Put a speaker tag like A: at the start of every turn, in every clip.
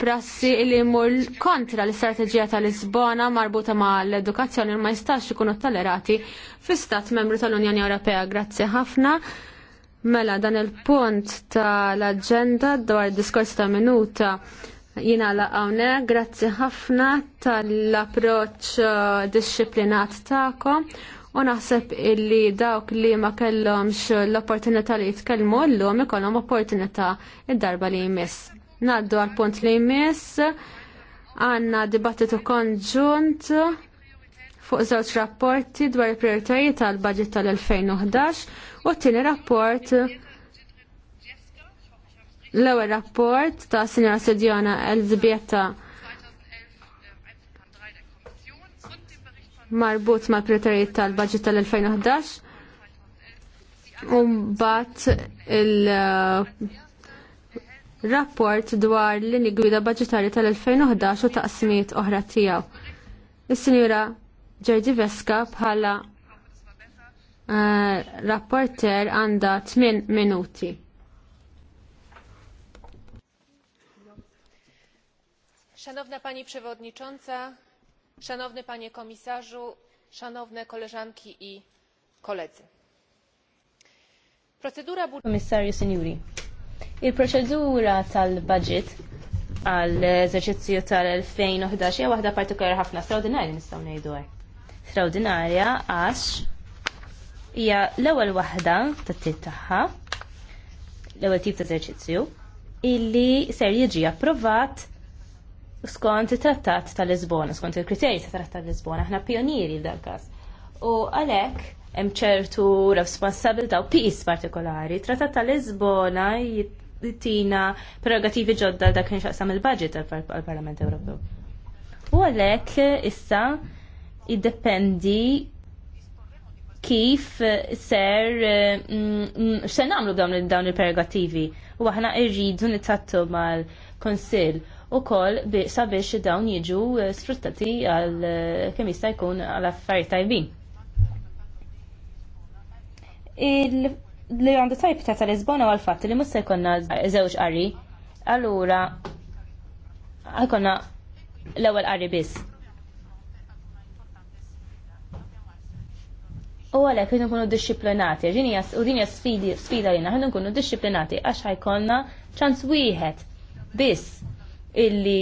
A: prassi li mur kontra l-istrateġija tal-Lisbona marbuta ma l-edukazzjoni ma jistax ikunu tolerati fi stat membru tal-Unjoni Ewropea. Grazzi ħafna. Mela dan il-punt tal-agenda dwar diskors ta' minuta jina għawne. Grazzi ħafna tal-approċ uh, disciplinat ta'kom. U naħseb illi dawk li ma kellhomx l-opportunità li jitkellmu llum ikollhom opportunità id-darba li jmiss. Naddu għal punt li jmiss għanna dibattitu konġunt fuq żewġ rapporti dwar il-prioritajiet tal-budget tal-2011 u t-tieni rapport
B: l-ewwel
A: rapport ta' Sinjora Sedjona Elżbieta marbut mal prioritajiet tal-budget tal-2011 u mbagħad il- rapport dwar l-lini gwida budgetari tal-2011 u taqsimiet oħra tijaw. Is-Sinjura Ġerġi Veska bħala uh, rapporter għanda 8 minuti. Szanowna Pani Przewodnicząca, Szanowny Panie Komisarzu,
C: Szanowne Koleżanki i Koledzy.
D: Procedura budżetowa. Komisarzu, Il-proċedura tal-budget għall-eżerċizzju tal-2011 hija waħda partikolari ħafna straordinarja nistgħu ngħidu hekk. Straordinarja għax hija l-ewwel waħda tat-tit tagħha, l-ewwel tip ta' eżerċizzju, illi ser jiġi approvat skont it-trattat tal-Lisbona, skont il-kriterji ta' trattat tal-Lisbona, aħna pionieri f'dan każ. U għalhekk hemm ċertu responsabilità u pis partikolari. Trattat ta' Lisbona jittina prerogativi ġodda da' kien xaqsam il-budget tal-Parlament Ewropew. U għalhekk issa jiddependi kif ser mm, se namlu dawn dawn il-prerogativi u aħna irridu nittattu mal-Konsil u koll sabiex dawn jiġu sfruttati għal kemm jista' jkun għal affarijiet tajbin li għandu tajb ta' tal-Lisbona għal fat li musta jkonna zewġ għarri, allura għakonna l-ewel qari biss. U għalek kienu kunu disciplinati, u dinja sfida jina, naħnu kunu disciplinati għax ħajkonna ċans wieħed biss illi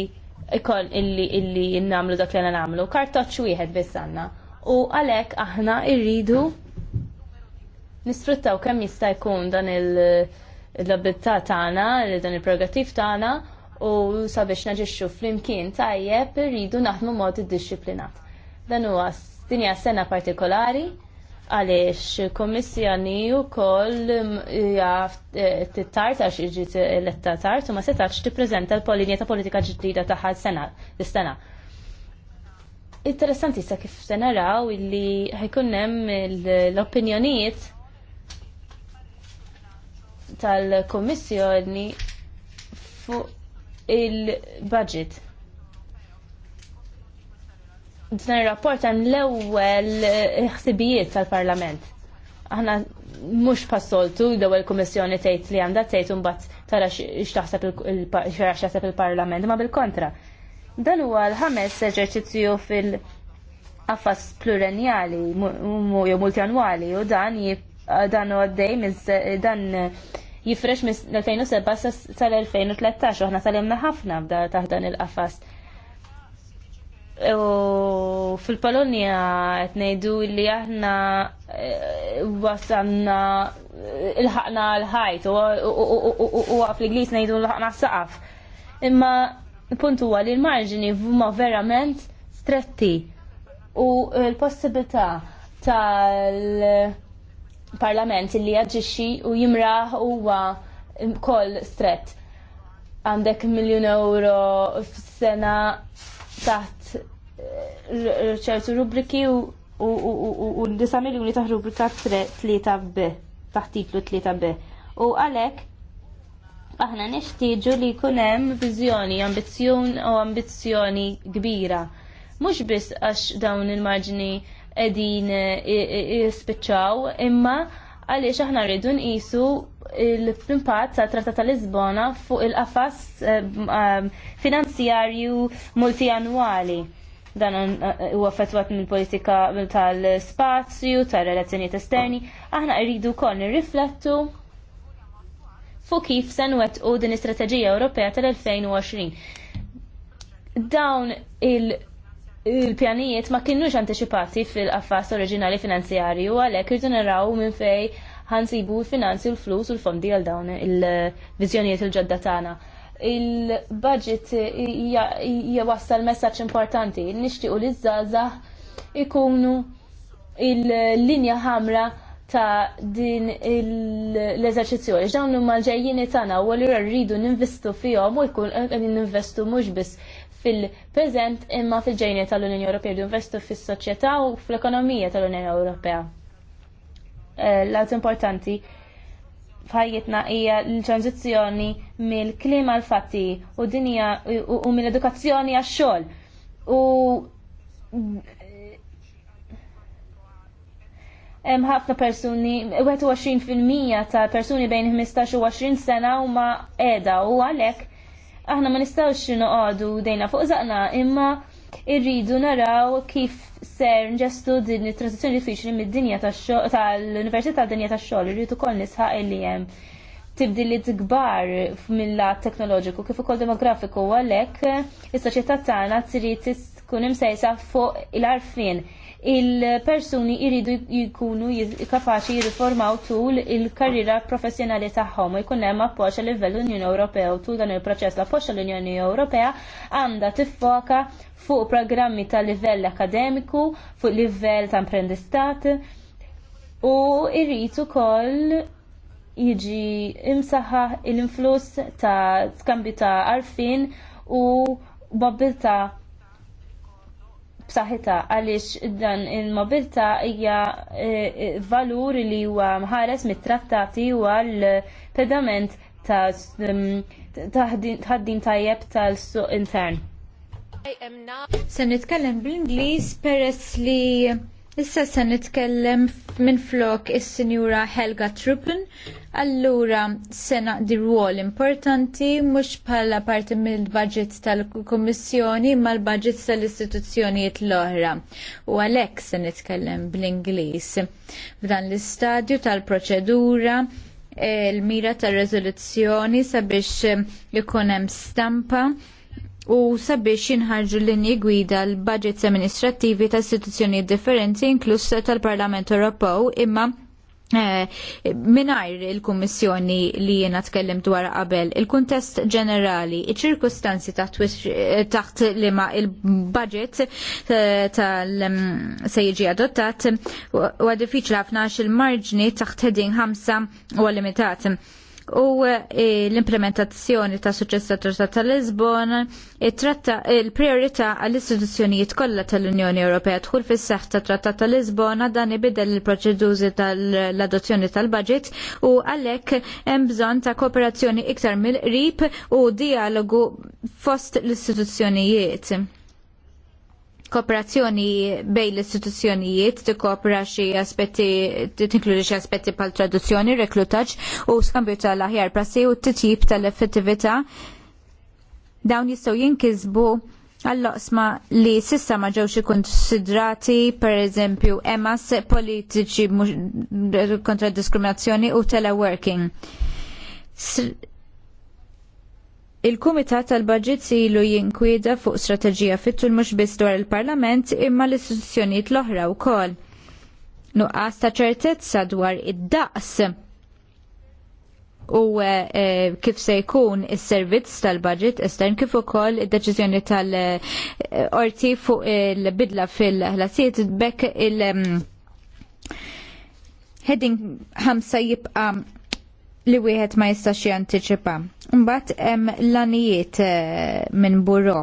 D: ikon illi illi namlu dak li għana namlu, kartoċ wieħed biss għanna. U għalek aħna irridu nisfruttaw kemm jista' jkun dan il-abilità tagħna, dan il-prerogattiv tagħna u sabiex naġixxu flimkien tajjeb irridu naħdmu mod iddixxiplinat. Dan huwa dinja sena partikolari għaliex kommissjoni u koll mm, eh, t-tart għax iġi eletta tart u ma setax tippreżenta l-polinja ta' politika ġdida tagħha sena l-sena. Interessanti sa' kif senaraw illi ħajkunnem l-opinjonijiet tal kummissjoni fuq il-budget. Dan ir-rapport hemm l-ewwel ħsibijiet tal-Parlament. Aħna mhux passoltu l-ewwel kummissjoni tgħid li għandha tgħid un mbagħad tara x'taħseb il-Parlament, ma bil-kontra. Dan huwa l-ħames eġerċizzju fil- affas plurenjali jew multianwali u dan jib Eh, dan u għaddej eh, dan eh, jifresh minn 2007 sal-2013 u ħna salimna ħafna b'da taħdan il-qafas. U fil polonia qed ngħidu li aħna wasanna il-ħaqna l-ħajt u l ingliż ngħidu l-ħaqna s-saqaf. Imma punt huwa li l-marġini huma verament stretti u l-possibilità tal- parlament li jaġixxi u jimraħ huwa koll stret. Għandek miljun euro sena taħt eh, ċertu rubriki u disa miljoni taħt rubrika 3B, taħt titlu 3B. U għalek, aħna nixtieġu li kunem vizjoni, ambizjon u ambizjoni kbira. Mux biss għax dawn il-marġni edin eh, eh, eh, jispiċċaw imma għaliex aħna rridu nqisu l-impatt ta' Trattat ta' Lisbona fuq il-qafas finanzjarju multianwali. Dan huwa fetwat mill-politika tal-spazju, tar-relazzjonijiet esterni. Aħna rridu wkoll nirriflettu fuq kif se nwettqu din l-Istrateġija Ewropea tal-2020. Dawn il- il-pjanijiet ma kienux anticipati fil-qafas oriġinali finanzjarju għalhekk irdu naraw minn fej ħansibu l-finanzi l-flus u l-fondi għal dawn il-viżjonijiet il-ġodda tagħna il-budget wassal messaċ importanti. nixtiequ li zaza ikunu il-linja ħamra ta' din l-eżerċizzjoni. Dawn huma l-ġejjini tagħna u li rridu ninvestu fihom u jkun n ninvestu mhux biss fil-preżent imma fil-ġejni tal-Unjoni Ewropea li investu fis-soċjetà u fl-ekonomija tal-Unjoni Ewropea. Eh, L-għad importanti f'ħajjitna hija l-tranzizzjoni mill-klima l-fatti u dinja u mill-edukazzjoni għax-xogħol. U hemm ħafna persuni, 21% ta' persuni bejn 15 u 20 sena huma qiegħda u għalhekk aħna ma nistgħux noqogħdu dejna fuq zaqna imma irridu naraw kif ser nġestu din it-transizzjoni diffiċli mid-dinja tal-Università tad-dinja tax-xogħol irridu ukoll nisħaq illi hemm tibdilit kbar mill-lat teknoloġiku kif ukoll demografiku għalhekk is-soċjetà tagħna trid tkun imsejsa fuq il-arfin il-persuni iridu jkunu kapaċi jirriformaw tul il-karriera professjonali tagħhom u jkun hemm appoġġ għal livell Unjoni Ewropea u tul dan il-proċess l-appoġġ l-Unjoni Ewropea għandha tiffoka fuq programmi ta' livell akademiku, fuq livell ta' imprendistat u irrid ukoll jiġi imsaħħa l-influss ta' skambi ta' arfin u mobilta' b'saħħitha għaliex dan il-mobilità hija eh, eh, valur li huwa mħares mit-trattati u għall-pedament ta' mm, tħaddim tajjeb tal-suq intern.
E: Se nitkellem bl-Ingliż peress li Issa se nitkellem minn flok is-Sinjura Helga Truppen, allura se naqdi rwol importanti mhux bħala parti mill-budget tal-Kummissjoni mal budget tal-istituzzjonijiet l-oħra. U għalhekk se nitkellem bl-Ingliż. F'dan l-istadju tal-proċedura eh, l mira tar-reżoluzzjoni sabiex ikun hemm stampa u sabiex jinħarġu l-linji gwida l-budgets amministrattivi ta' istituzzjoni differenti inkluż tal-Parlament Ewropew imma eh, minajr il-Kummissjoni li jena tkellem dwar qabel, il-kuntest ġenerali, il ċirkustanzi eh, taħt li ma il-budget eh, tal mm, se jiġi adottat, u għadifiċ ħafna il-marġni taħt heading 5 u limitat u eh, l-implementazzjoni ta' suċċessa Trattat ta' Lisbon it tratta il-priorità għall-istituzzjonijiet kollha tal-Unjoni Ewropea tħul fis seħħ ta' Trattat ta' Lisbona dan ibidel il-proċeduzi tal-adozzjoni tal-budget u għalhekk hemm bżonn ta' kooperazzjoni iktar mill-qrib u dialogu fost l-istituzzjonijiet kooperazzjoni bejn l-istituzzjonijiet tikkopra xi aspetti tinkludi xi aspetti bħal traduzzjoni, reklutaġġ u skambju tal-aħjar prassi u t-tip tal-effettività dawn jistgħu jinkisbu għall-oqsma li sissa ma ġewx ikkonsidrati pereżempju emas politiċi kontra diskriminazzjoni u teleworking Il-Kumitat tal-Budget ilu jinkwida fuq strateġija fittu l mhux biss dwar il-Parlament imma l-istituzzjonijiet l-oħra wkoll. Nuqqas ta' ċertezza dwar id-daqs u e, kif se jkun is-servizz tal-budget estern kif ukoll id-deċiżjoni tal-orti fuq il-bidla fil-ħlasijiet bekk il- mm, Heading 5 jibqa' li wieħed ma jistax jantiċipa. Mbagħad hemm l-anijiet eh, minn buro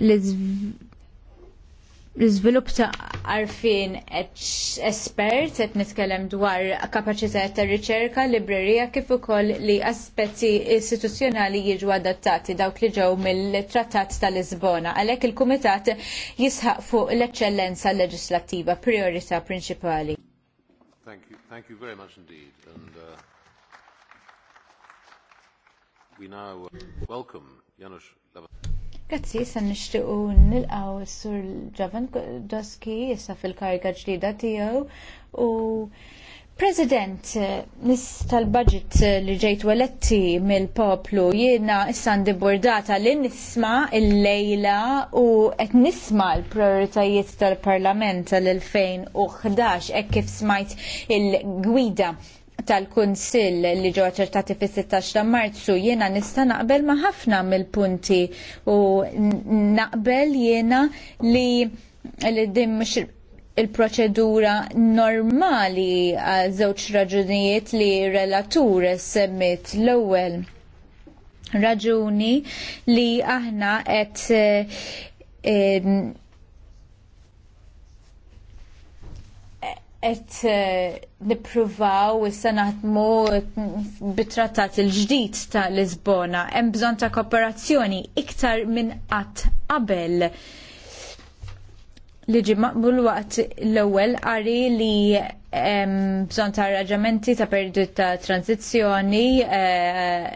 E: l-iżvilupp ta' għarfien espert qed nitkellem dwar kapaċità ta' riċerka, librerija kif ukoll li aspetti istituzzjonali jiġu adattati dawk li ġew mill-Trattat ta' Lisbona. Għalhekk il-Kumitat jisħaq fuq l-eċċellenza leġislattiva priorità prinċipali.
B: Thank you, thank you very much indeed. And, uh...
E: Grazzi, san nishtiqu nilqaw s-sur Javan Doski issa fil-karga ġdida tiegħu u President, nis tal-budget li ġejt waletti mill-poplu jiena issa għandi li nisma il-lejla u qed nisma l-prioritajiet tal-Parlament tal-2011 hekk kif smajt il-gwida tal-Kunsill li ġew ċertati fis-16 ta' Marzu jiena nista' naqbel ma' ħafna mill-punti u naqbel jiena li li dim il-proċedura normali għal żewġ raġunijiet li relatur semmit l-ewwel raġuni li aħna qed eh, qed eh, nippruvaw issa naħdmu bit-trattat il-ġdid ta' Lisbona hemm bżonn ta' kooperazzjoni iktar minn qatt qabel li ġi maqbul waqt l-ewwel qari li hemm bżonn ta' arranġamenti ta' periodu ta' tranzizzjoni eh,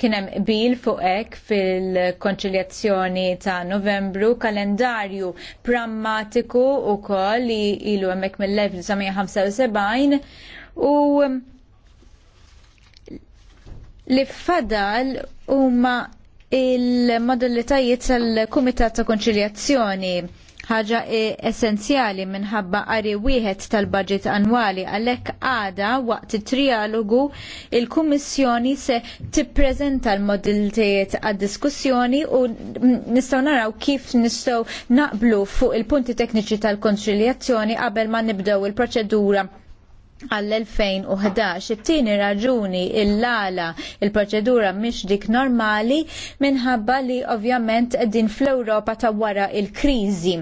E: kienem bil fuq hekk fil-konċiljazzjoni ta' novembru kalendarju prammatiku u kol li ilu hemmhekk mill-1975 u li fadal huma il-modellitajiet tal-Kumitat ta' Konċiljazzjoni ħaġa e essenzjali minħabba qari wieħed tal-budget annwali għalhekk għada waqt it-trialogu il-Kummissjoni se tippreżenta l-modiltijiet għad-diskussjoni u nistgħu naraw kif nistgħu naqblu fuq il-punti tekniċi tal-konċiljazzjoni qabel ma nibdew il-proċedura għall-2011. It-tieni raġuni l lala il-proċedura mhix dik normali minħabba li ovvjament din fl-Ewropa ta' wara il-kriżi.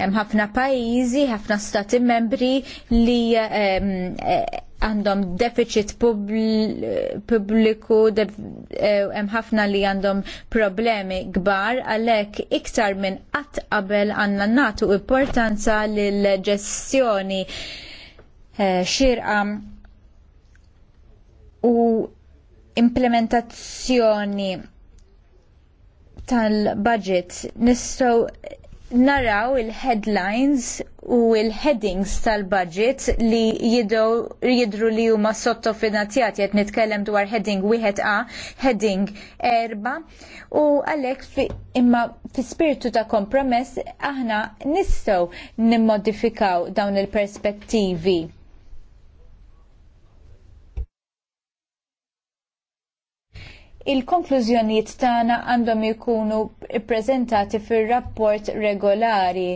E: Hemm ħafna pajjiżi, ħafna stati membri li ehm, eh, għandhom deficit pubbliku, eh, hemm ħafna li għandhom problemi kbar, għalhekk iktar minn qatt qabel għandna nagħtu importanza lill ġestjoni Eh, xirqa u implementazzjoni tal-budget nistgħu naraw il-headlines u il-headings tal-budget li jidhru li huma sottofinanzjati qed nitkellem dwar heading wieħed A, heading erba u għalhekk imma fi spiritu ta' kompromess aħna nistgħu nimmodifikaw dawn il-perspettivi Il-konklużjonijiet tagħna għandhom ikunu ppreżentati fir-rapport regolari.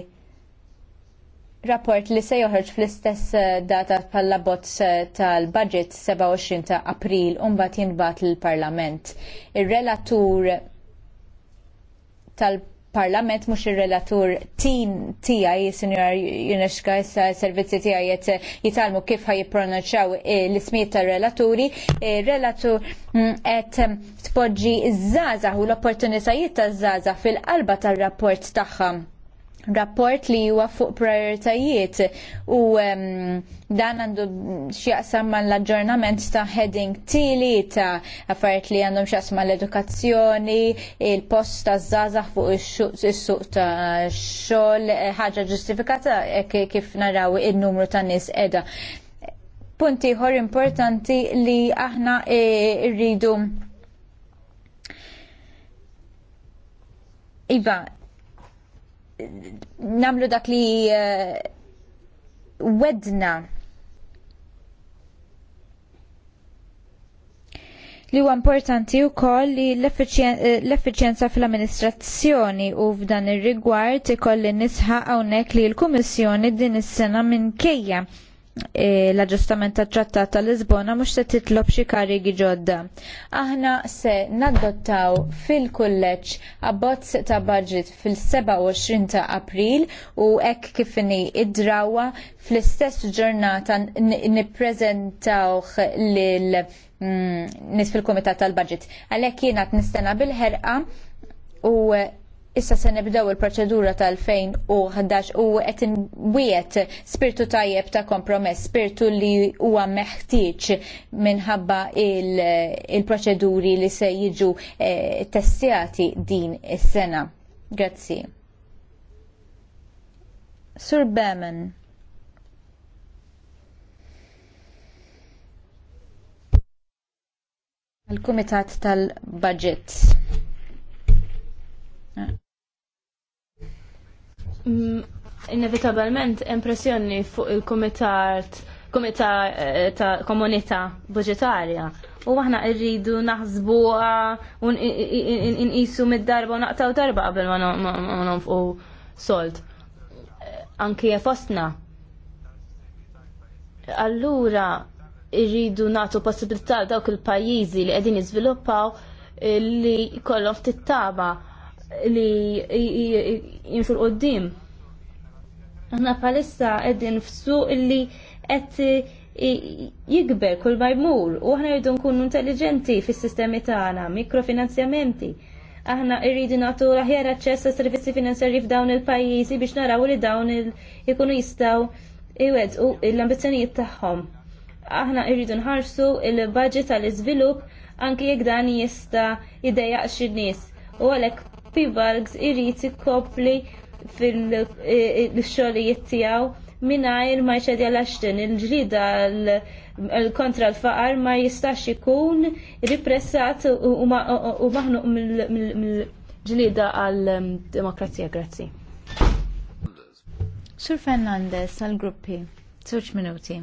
E: Rapport li se joħorġ fl-istess eh, data tal bozz eh, tal-budget 27 ta' April u mbagħad jinbagħat lill parlament Ir-relatur tal parlament mhux ir-relatur tin tiegħi Sinjor Junexka issa servizzi tiegħi qed jitalmu kif ħaj jippronunċaw eh, l-ismijiet tar-relaturi. Eh, relatur mm, qed tpoġġi ż-żgħażagħ u l-opportunitajiet taż-żgħażagħ fil-qalba tar-rapport tagħha rapport li huwa fuq prioritajiet u um, dan għandu x'jaqsam mal l-aġġornament ta' heading tili ta' affarijiet li għandhom x'jaqsam l-edukazzjoni, il-post ta' żgħażagħ fuq il suq ta' xogħol, eh, ħaġa ġustifikata eh, kif naraw in-numru ta' nies qiegħda. Punti ħor importanti li aħna eh, rridu Iva, namlu dak li eh, wedna li huwa importanti wkoll li l-effiċjenza eh, fl-amministrazzjoni u f'dan ir-rigward ikolli nisħaq hawnhekk li l-Kummissjoni din is-sena minkejja E, l-aġġustament tat trattat ta' Lisbona mhux se titlob xi karigi ġodda. Aħna se nadottaw fil-kulleġġ abbozz ta' budget fil-27 ta' April u hekk kif inhi id-drawa fl-istess ġurnata nippreżentawh lil mm, nis fil-Kumitat tal-Budget. Għalhekk jiena nistena bil-ħerqa u issa se nibdew il-proċedura tal-2011 u qed inwiet spirtu tajjeb ta' kompromess, spirtu li huwa meħtieġ minħabba il-proċeduri il li se jiġu eh, testjati din is-sena. Grazzi. Sur Bemen. Il-Kumitat tal-Budget.
D: Mm, inevitabilment impressjoni fuq il-komitat komita eh, ta' komunità budgetarja. U aħna rridu naħsbu u nqisu mid-darba u naqtaw darba qabel ma nonfqu sold. Anki fostna. Allura rridu nagħtu possibilità dawk il-pajjiżi li qegħdin jiżviluppaw eh, li jkollhom ftit taba li jimxu l-qoddim. Aħna palissa qegħdin f'suq li qed jikber kull ma jmur u aħna rridu nkunu intelligenti fis-sistemi tagħna, mikrofinanzjamenti. Aħna irridu nagħtu aħjar aċċess għas servizzi finanzjarji f'dawn il-pajjiżi biex naraw li dawn ikunu jistgħu u l-ambizzjonijiet tagħhom. Aħna rridu nħarsu il-budget tal-iżvilupp anke jekk dan jista' jdejjaq xi nies u għalhekk Bugs irrit ikkopli fil-xogħlijiet tiegħu mingħajr ma jċedja l-axtin il-ġlida kontra l-faqar ma jistax ikun ripressat u maħnuq mill-ġlida għal-demokrazija.
E: Ehm, Grazzi. Sur Fernandez għal-gruppi, zoċ minuti.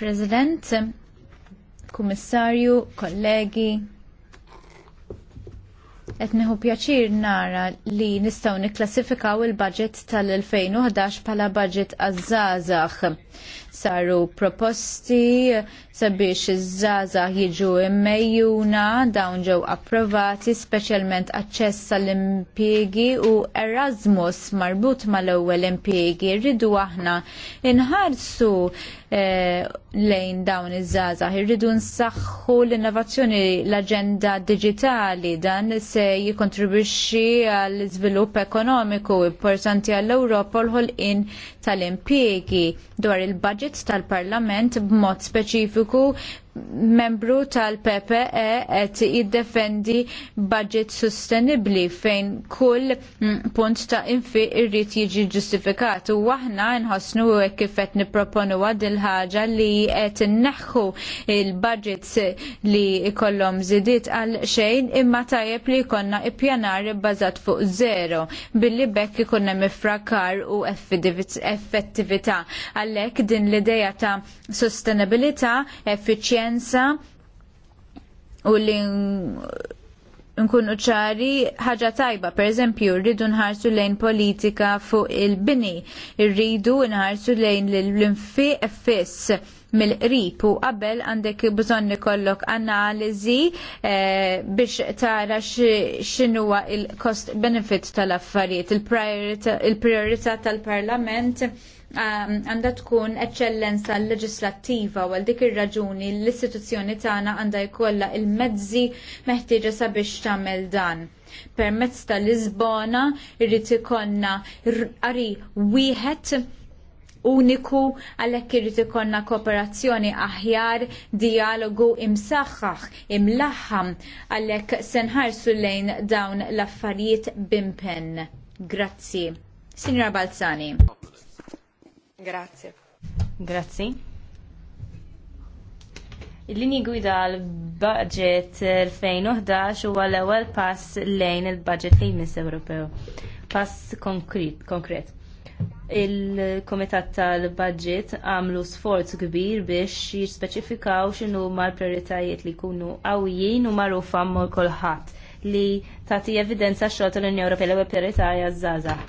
E: President, kummissarju, kollegi. Qed neħu pjaċir nara li nistgħu nikklassifikaw il-budget tal-2011 bħala budget għaż Saru proposti sabiex iż-żgħażagħ jiġu immejjuna dawn ġew approvati speċjalment aċċess tal-impjiegi u Erasmus marbut mal-ewwel impjiegi rridu aħna inħarsu Eh, lejn dawn iż-żaza. Irridu nsaħħu l-innovazzjoni l-aġenda digitali dan se jikontribwixxi għall iżvilupp ekonomiku importanti għall-Ewropa l-ħolqien tal-impjiegi dwar il-budget tal-Parlament b'mod speċifiku membru tal-PPE qed jiddefendi budget sostenibbli fejn kull mm, punt ta' infi irrid jiġi ġustifikat u aħna nħossnu hekk kif qed nipproponu il ħaġa li qed inneħħu il-budgets li jkollhom żidiet għal xejn imma tajjeb li jkollna ippjanar bbażat fuq zero billi bekk ikun hemm ifrakar u effettività għalhekk din l-idea ta' sostenibilità effiċjenti xjenza u li nkunu ċari ħaġa tajba, per eżempju, rridu nħarsu lejn politika fuq il-bini, rridu nħarsu lejn l-infi fiss mill-qrib u qabel għandek bżonn ikollok analiżi e, biex tara x'inhuwa il-cost benefit tal-affarijiet, il-priorità tal-Parlament. il priorità tal parlament għandha tkun eċċellenza leġislattiva għal dik ir-raġuni l-istituzzjoni tagħna għandha jkollha il-mezzi meħtieġa sabiex tagħmel dan. Permezz tal-Lisbona irrid ikollna qari wieħed uniku għalhekk irrid ikollna kooperazzjoni aħjar, dialogu imsaħħaħ, imlaħħam għalhekk se nħarsu lejn dawn l-affarijiet bimpen. Grazzi. Signora Balzani. Grazie. Grazzi.
D: Il-lini gwida l-budget 2011 huwa l-ewwel pass lejn il-budget li jmiss Ewropew. Pass konkret. Il-Komitat tal-Budget għamlu sforz kbir biex jispeċifikaw xinu mal-prioritajiet li jkunu għawijin u magħrufa mal kulħadd li tagħti evidenza xoħta xogħol tal-Unjoni Ewropea l-ewwel prioritarja zazah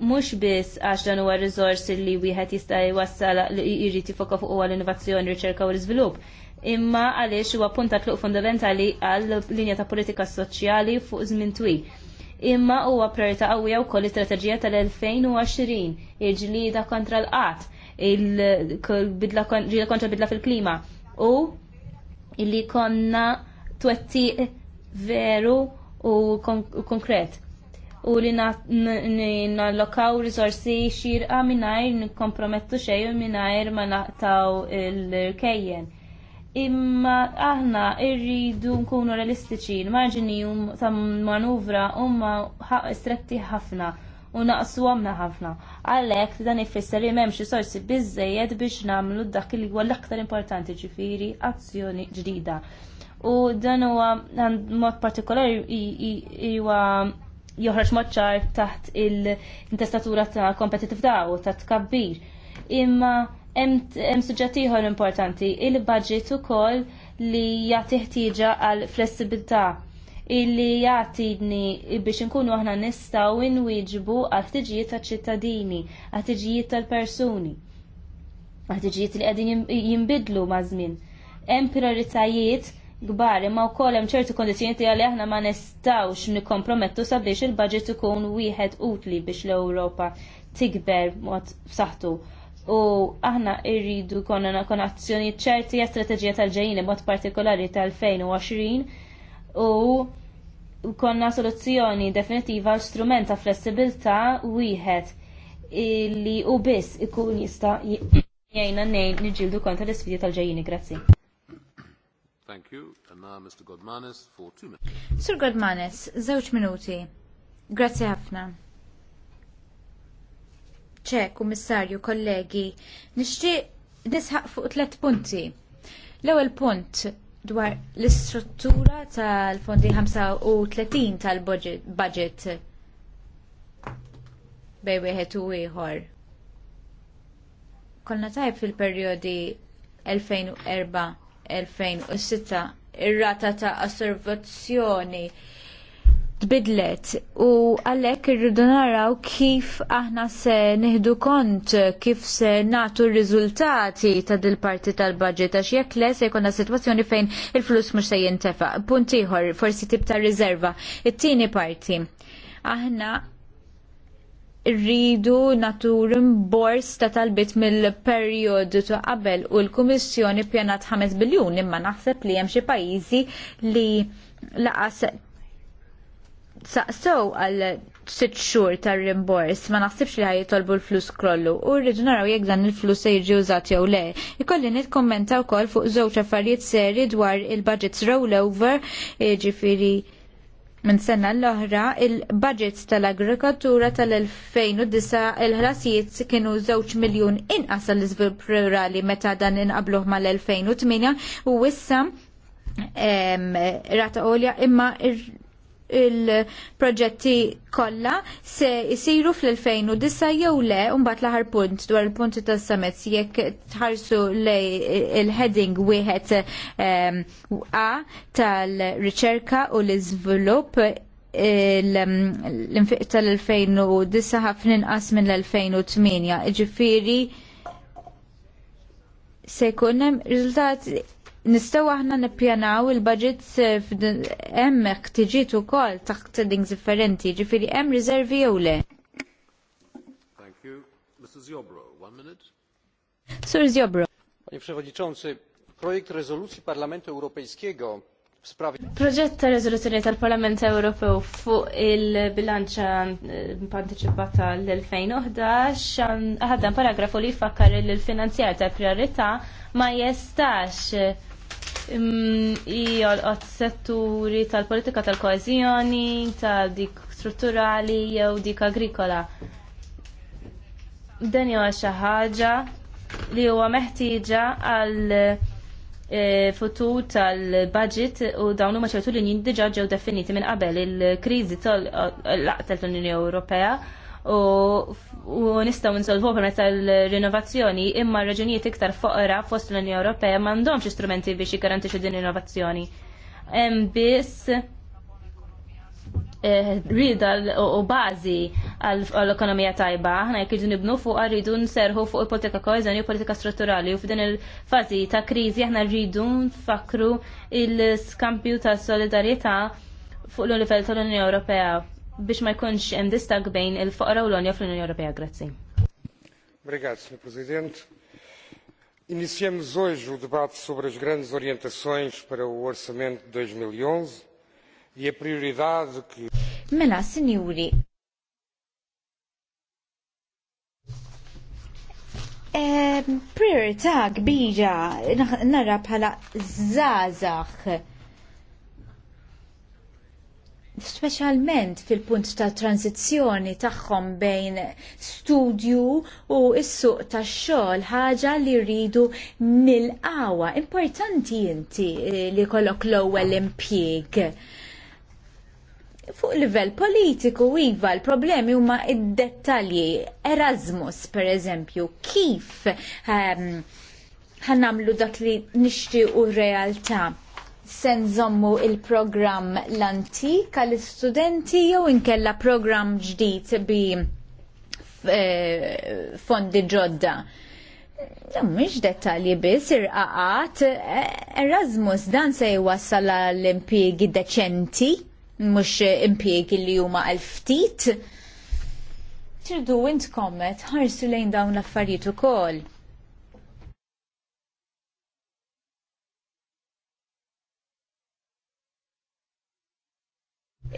D: mhux biss għax dan huwa rizors li wieħed jista' jwassal li jrid jifoka fuq huwa l-innovazzjoni, riċerka u l-iżvilupp, imma għaliex huwa punta tluq fundamentali għal linja ta' politika soċjali fuq żmien twi. Imma huwa priorità qawwija wkoll l-istrateġija tal-2020, il-ġlieda kontra l-qatt, il-bidla kontra bidla fil-klima u illi konna twetti veru u konkret u li nallokaw risorsi xirqa minnajr nikkompromettu xejn mingħajr ma naqtaw il-kejjen. Imma aħna irridu nkunu realistiċi, l-marġini ta' manuvra huma stretti ħafna u naqsu għamna ħafna. Għalhekk dan ifisser li m'hemmx risorsi biżżejjed biex nagħmlu dak li huwa l-aktar importanti ġifiri azzjoni ġdida. U dan huwa mod partikolari huwa joħroġ moċċar taħt il-intestatura ta' kompetitiv daw, ta' tkabbir. Imma hemm suġġett ieħor importanti, il-budget ukoll li jagħti ħtieġa għal flessibilità illi jagħtini biex inkunu aħna nistgħu inwieġbu għal ħtiġijiet tal-ċittadini, għal tal-persuni, għal tiġijiet li qegħdin jinbidlu mażmin. żmien. Hemm prioritajiet gbar, imma wkoll hemm ċertu kondizzjoni li aħna ma nistgħux nikkompromettu sabiex il-budget ikun wieħed utli biex l-Ewropa tikber mod b'saħħtu. U aħna rridu konna kon azzjoni ċerti strateġija tal-ġejjin mod partikolari tal-2020 u konna soluzzjoni definitiva għal strument ta' flessibilità wieħed li u biss ikun jista' jgħinna nejn niġildu kontra
E: l-isfidi tal-ġejjini. Grazzi.
B: Thank you. And now Mr. Godmanes for two minutes.
E: Sir Godmanes, żewġ minuti. Grazzi ħafna. Ċe, kummissarju, kollegi, nixtieq nisħaq fuq tliet punti. L-ewwel punt dwar l-istruttura tal-fondi 35 tal-budget bej wieħed u ieħor. Kollna tajb fil-perjodi 2004 2006 ir-rata ta' osservazzjoni tbidlet u għalhekk irridu naraw kif aħna se nieħdu kont kif se nagħtu r-riżultati ta' dil parti tal-budget għax jekk le se jkollna sitwazzjoni fejn il-flus mhux se jintefa'. Punt ieħor forsi tibta r riserva. It-tieni parti. Aħna rridu natur imbors ta' talbit mill-perjodu ta' qabel u l-Kummissjoni pjanat 5 biljun imma naħseb li hemm xi pajjiżi li laqas saqsow għal sitt xhur tar-rimbors ma naħsibx li ħajtolbu l-flus kollu u rridu naraw jekk dan il-flus se jiġi użat jew le. Ikolli nitkommenta wkoll fuq żewġ affarijiet seri dwar il-budgets rollover, eh, ġifieri e Minn sena l-oħra, il-budgets tal-agrikoltura tal-2009 il-ħlasijiet kienu 2 miljun inqas l-iżvilupp rurali meta dan inqabluh mal-2008 u issa rata olja imma il-proġetti kollha se jsiru fl-2009 jew le mbagħad l-aħħar punt dwar il-punti tas-summits jekk tħarsu lej il-heading wieħed A tal-riċerka u l-iżvilupp l-infiq tal-2009 ħafna inqas minn l-2008 ġifiri se jkun hemm riżultati Nistaw aħna nippjanaw il-budget eh, hemmhekk tiġiet kol taħt things differenti, ġifiri hemm riservi u le.
B: Thank you. Mr. Ziobro, one minute. Sir Ziobro. Panie Przewodniczący, projekt rezolucji Parlamentu Europejskiego w sprawie... Proġett
D: ta' rezoluzzjoni tal Parlamentu Ewropew fuq il-bilanċa eh, partecipata l-2011 ħaddan paragrafu li fakkar il-finanzjar ta' priorita ma jistax jolqot setturi tal-politika tal-koezjoni, tal-dik strutturali jew dik agrikola. Dan huwa xi ħaġa li huwa meħtieġa għal e, futur tal-budget u dawn huma ċertu linji diġà ġew definiti minn qabel il-kriżi tal-laqta tal-Unjoni Ewropea u u nistaw nsolvu permezz tal-rinnovazzjoni imma raġunijiet iktar foqra fost l-Unjoni Ewropea m'għandhomx istrumenti biex jikgarantixxu din l-innovazzjoni. Hemm biss eh, rida u bażi għall-ekonomija tajba, ħna jekk nibnu fuq rridu nserħu fuq il-politika koeżjoni u politika strutturali u f'din il-fażi ta' kriżi aħna rridu nfakru il-skampju ta' solidarieta fuq l-livell tal-Unjoni Ewropea biex ma jkunx hemm distak bejn il-foqra u l-onja fl-Unjoni Ewropea. Grazzi.
B: Obrigado, Sr. Presidente. Iniciamos hoje o debate sobre as grandes orientações para o orçamento de 2011 e, e a prioridade que
E: Mela, sinjuri. E, eh, priorità kbira narra bħala zazax specialment fil-punt ta' tranzizjoni tagħhom bejn studju u s-suq tax xogħol ħaġa li rridu nilqawa. Importanti inti eh, li kollok l-ewwel impjieg. Fuq livell politiku iva l-problemi huma id-dettalji. Erasmus, per eżempju, kif ehm, ħannamlu dak li nixtiequ r realtà se nżommu il-programm l-antik għall-istudenti jew inkella programm ġdid bi eh, fondi ġodda. Dan mhix dettalji biss irqaqat eh, Erasmus dan se jwassal l-impjiegi deċenti, mhux impjiegi li huma għal ftit. Tridu intkom eh, ħarsu lejn dawn l-affarijiet ukoll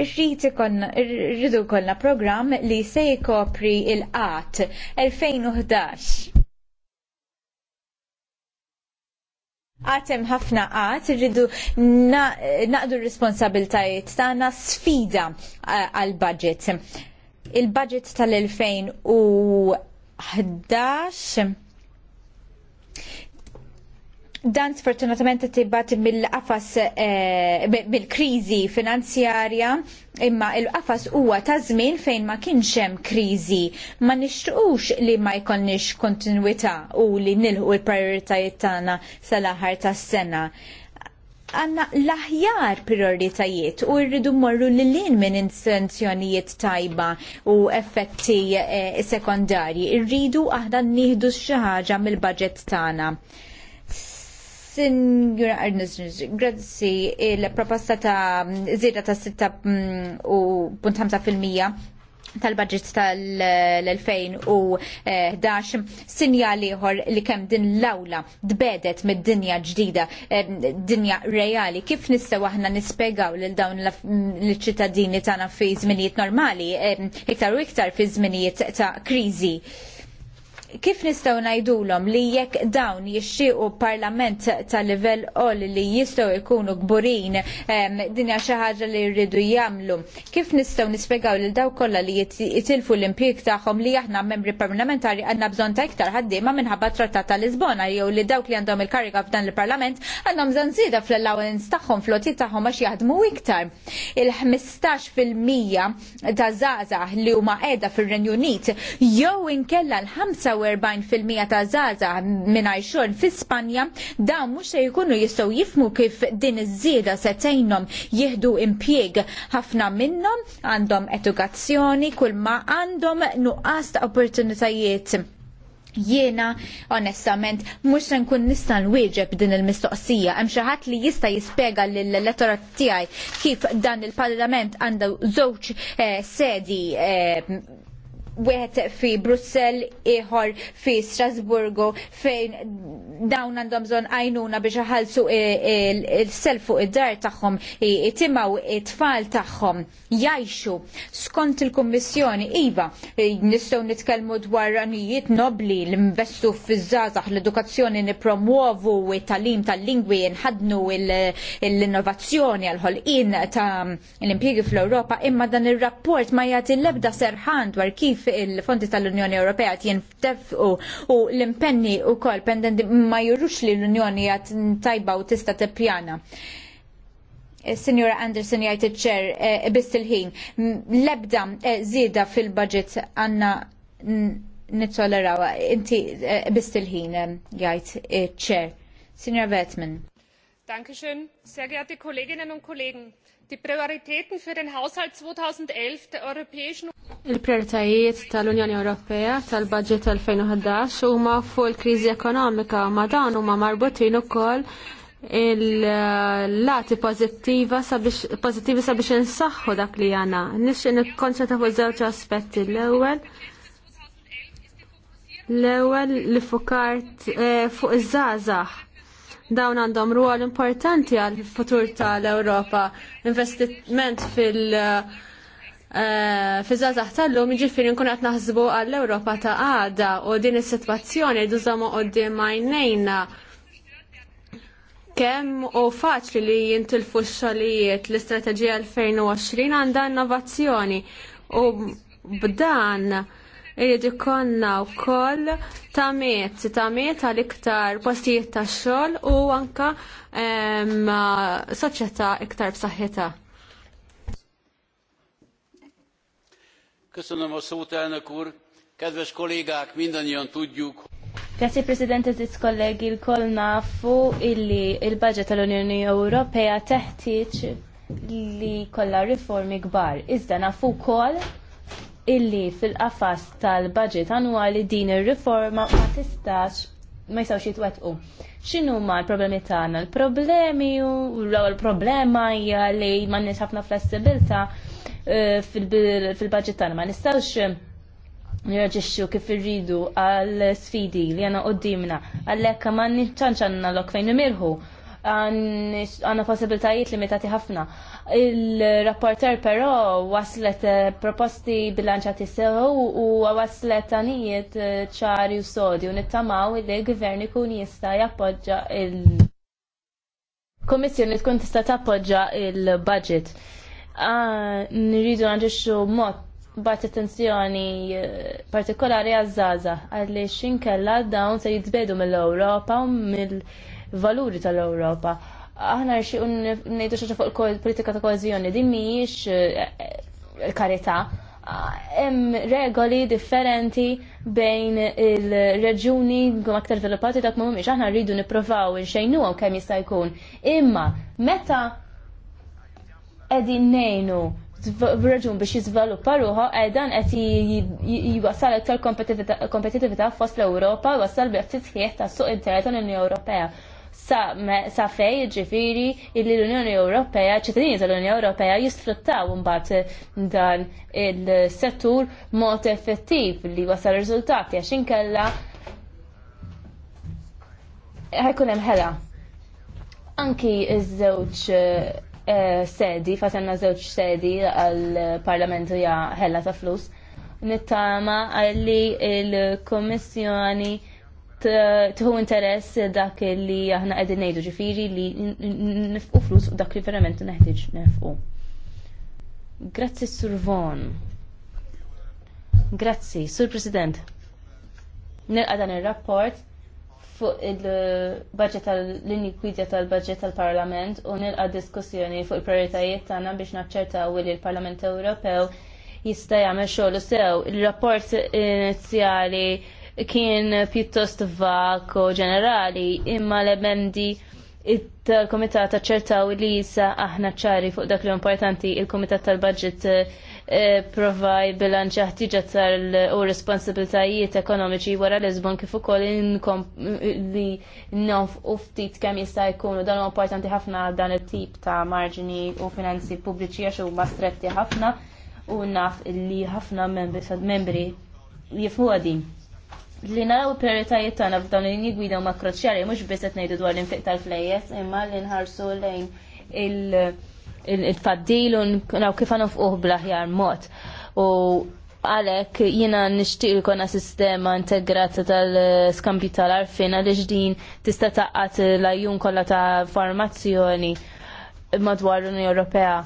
E: Irrid irridu konna program li se jkopri il-qat 2011. Għatem ħafna għat, rridu naqdu r responsabiltajiet tagħna sfida għal-budget. Il-budget tal-2011 Dan sfortunatament tibat mill-qafas eh, mill-kriżi finanzjarja imma il-qafas huwa ta' żmien fejn ma kienx hemm kriżi. Ma nixtuqux li ma jkollniex kontinwità u li nilħu l-prijoritajiet tagħna sal-aħħar tas-sena għanna l-aħjar prioritajiet u rridu morru l-lin minn intenzjonijiet tajba u effetti eh, sekondarji. Irridu aħna nieħdu xi ħaġa mill-budget tagħna. Signor Ernest, grazzi il-proposta ta' zira ta' 6.5% mm, tal-budget tal-2011 eh, sinjal ieħor li kemm din l-awla dbedet mid-dinja ġdida, eh, dinja reali, kif nistgħu aħna nispjegaw lil dawn l-ċittadini tagħna fi żminijiet normali, eh, iktar u iktar fi żminijiet ta' kriżi kif nistgħu ngħidulhom li jekk dawn jixtiequ parlament tal livell ol li jistgħu jkunu kburin dinja xi ħaġa li jridu jagħmlu, kif nistgħu nispjegaw lil daw kollha li jitilfu l-impjieg tagħhom li aħna membri parlamentari għandna bżonn ta' iktar ħaddiema minħabba trattat ta' Lisbona jew li dawk li għandhom il karika f'dan il-parlament għandhom bżonn zida fl-allowance tagħhom flotti tagħhom għax jaħdmu iktar. Il-15 fil-mija ta' żgħażagħ li huma qiegħda fir-Renju Unit jew inkella l-5 46% ta' zaza mingħajr xogħol fi Spanja dawn mhux se jkunu jistgħu jifmu kif din iż-żieda se tgħinhom jieħdu impjieg ħafna minnhom għandhom edukazzjoni kull ma għandhom nuqqas ta' opportunitajiet jiena onestament mhux se nkun nista' nwieġeb din il-mistoqsija hemm xi ħadd li jista' jispjega lill-elettorat tiegħi kif dan il-Parlament għandu żewġ eh, sedi eh, wieħed fi Brussell ieħor fi Strasburgu fejn dawn għandhom bżonn għajnuna biex iħallsu il sel fuq id-dar tagħhom itimgħu it-tfal tagħhom jgħixu skont il-Kummissjoni iva nistgħu nitkellmu dwar ranijiet nobli l-investu fiż-żgħażagħ l-edukazzjoni nippromuovu it-talim tal-lingwi nħadnu l-innovazzjoni għal-ħolqien ta' l-impjiegi fl-Ewropa imma dan ir-rapport ma jagħti l-ebda serħan dwar kif il-fondi tal-Unjoni Ewropea jinftef u, u l-impenni u kol pendent ma jurux li l-Unjoni għat tajba u tista teppjana. Eh, Signora Anderson jgħajt iċer, ċer eh, bist il-ħin. Lebda eh, zida fil-budget għanna nittolerawa. Inti bist il-ħin jgħajt iċ-ċer. Signora Vetman.
A: Herr Präsident, sehr geehrte Kolleginnen und Kollegen! Die Prioritäten für den Haushalt 2011 der Europäischen Il-prioritajiet tal-Unjoni Ewropea tal-Budget tal-2011 huma fuq il-kriżi ekonomika ma dan huma marbutin ukoll il-lati pozittiva sabiex pozittivi sabiex insaħħu dak li għana. Nix nikkonċentra fuq żewġ aspetti. L-ewwel l-ewwel li fukart eh, fuq iż-żgħażagħ dawn għandhom ruol importanti għal futur tal-Europa. Investiment fil- eh, Fizza taħt l-lum ġifiri nkun għat naħsbu għall-Europa ta' għada u din is-situazzjoni dużamu għoddim għajnejna kemm u faċli li jintilfu x-xalijiet l-istrateġija 2020 għandha innovazzjoni u b'dan Irrid ikonna wkoll tamiet, tamiet għal iktar postijiet ta' xogħol u anka soċjetà iktar b'saħħita.
F: Köszönöm a szót, elnök úr!
B: Kedves kollégák, mindannyian tudjuk.
D: Grazie Presidente tiz kollegi, il kolna nafu illi il-budget tal-Unjoni Ewropea teħtieġ li kollha riformi kbar. Iżda nafu wkoll illi fil-qafas tal-budget annwali din ir-riforma ma tistax ma jistgħux jitwettqu. X'inhu ma l-problemi tagħna? L-problemi u l-problema hija li ma nix ħafna flessibilità eh, fil-budget tagħna ma nistgħux eh, nirraġixxu kif irridu għal sfidi li għana qoddimna għal-lekka ma nċanċanna l-ok fejn nimirħu għan possibiltajiet limitati ħafna. Il-rapporter però waslet eh, proposti bilanċati sew u waslet għanijiet eh, ċari u sodi u nittamaw li gvern ikun jista jappoġġa il- Komissjoni tkun tista tappoġġa il-budget. Ah, nridu għandixxu mod bat attenzjoni eh, partikolari għazzaza għalli xinkella dawn se jitbedu mill-Europa u mill valuri tal-Ewropa. Aħna rxiequ ngħidu xi fuq il-politika ta' koeżjoni din mhijiex eh, karità. Hemm regoli differenti bejn il-reġuni aktar sviluppati dak ma mhumiex aħna rridu nippruvaw inxejnuhom kemm jista' jkun. Imma meta qegħdin ngħinu reġun biex jizvaluppa ruħu, eh, dan qed jwassal iktar kompetitività fost l-Ewropa, wassal ftit titħieħ tas suq intern tal-Unjoni Ewropea sa fej ġifiri illi l-Unjoni Ewropea, ċittadini tal-Unjoni Ewropea jisfruttaw mbagħad eh, dan il-settur mod effettiv li wasal riżultati għax inkella ħajkun hemm ħela. Anki iż-żewġ eh, sedi, fatemna żewġ sedi għal-parlamentu ja ħella ta' flus, nittama għalli il-Kommissjoni tħu eh, interess dak li aħna qegħdin ngħidu ġifiri li nifqu flus u dak li verament neħtieġ nifqu. Grazzi Survon. Grazzi, Sur President. Nilqa dan ir-rapport fuq il-budget tal-linji tal-budget tal-Parlament u nilqa diskussjoni fuq il-prioritajiet tagħna biex naċċertaw li l-Parlament Ewropew jista' jagħmel xogħol sew. Il-rapport inizjali kien pjuttost vak u ġenerali imma l-emendi il-komitat ċertaw li jisa aħna ċari fuq dak li importanti il-komitat tal-budget eh, provaj bilanċ ħtiġa tal u responsabiltajiet ekonomiċi wara Lisbon kif ukoll li nof u ftit kemm jista' jkun dan huwa importanti ħafna dan it-tip ta' marġini u finanzi pubbliċi għax huma stretti ħafna u naf li ħafna membri jifmu għadin li naraw prioritajiet tagħna f'dawn li linji ma' huma mhux biss qed ngħidu dwar l-infiq tal-flejjes imma li nħarsu lejn il faddil u naraw kif fuq bl-aħjar mod. U għalhekk jiena nixtieq ikun sistema integrata tal-skambju tal-arfin għaliex din tista' taqqat l-ajjun kollha ta' formazzjoni madwar l-Unjoni Ewropea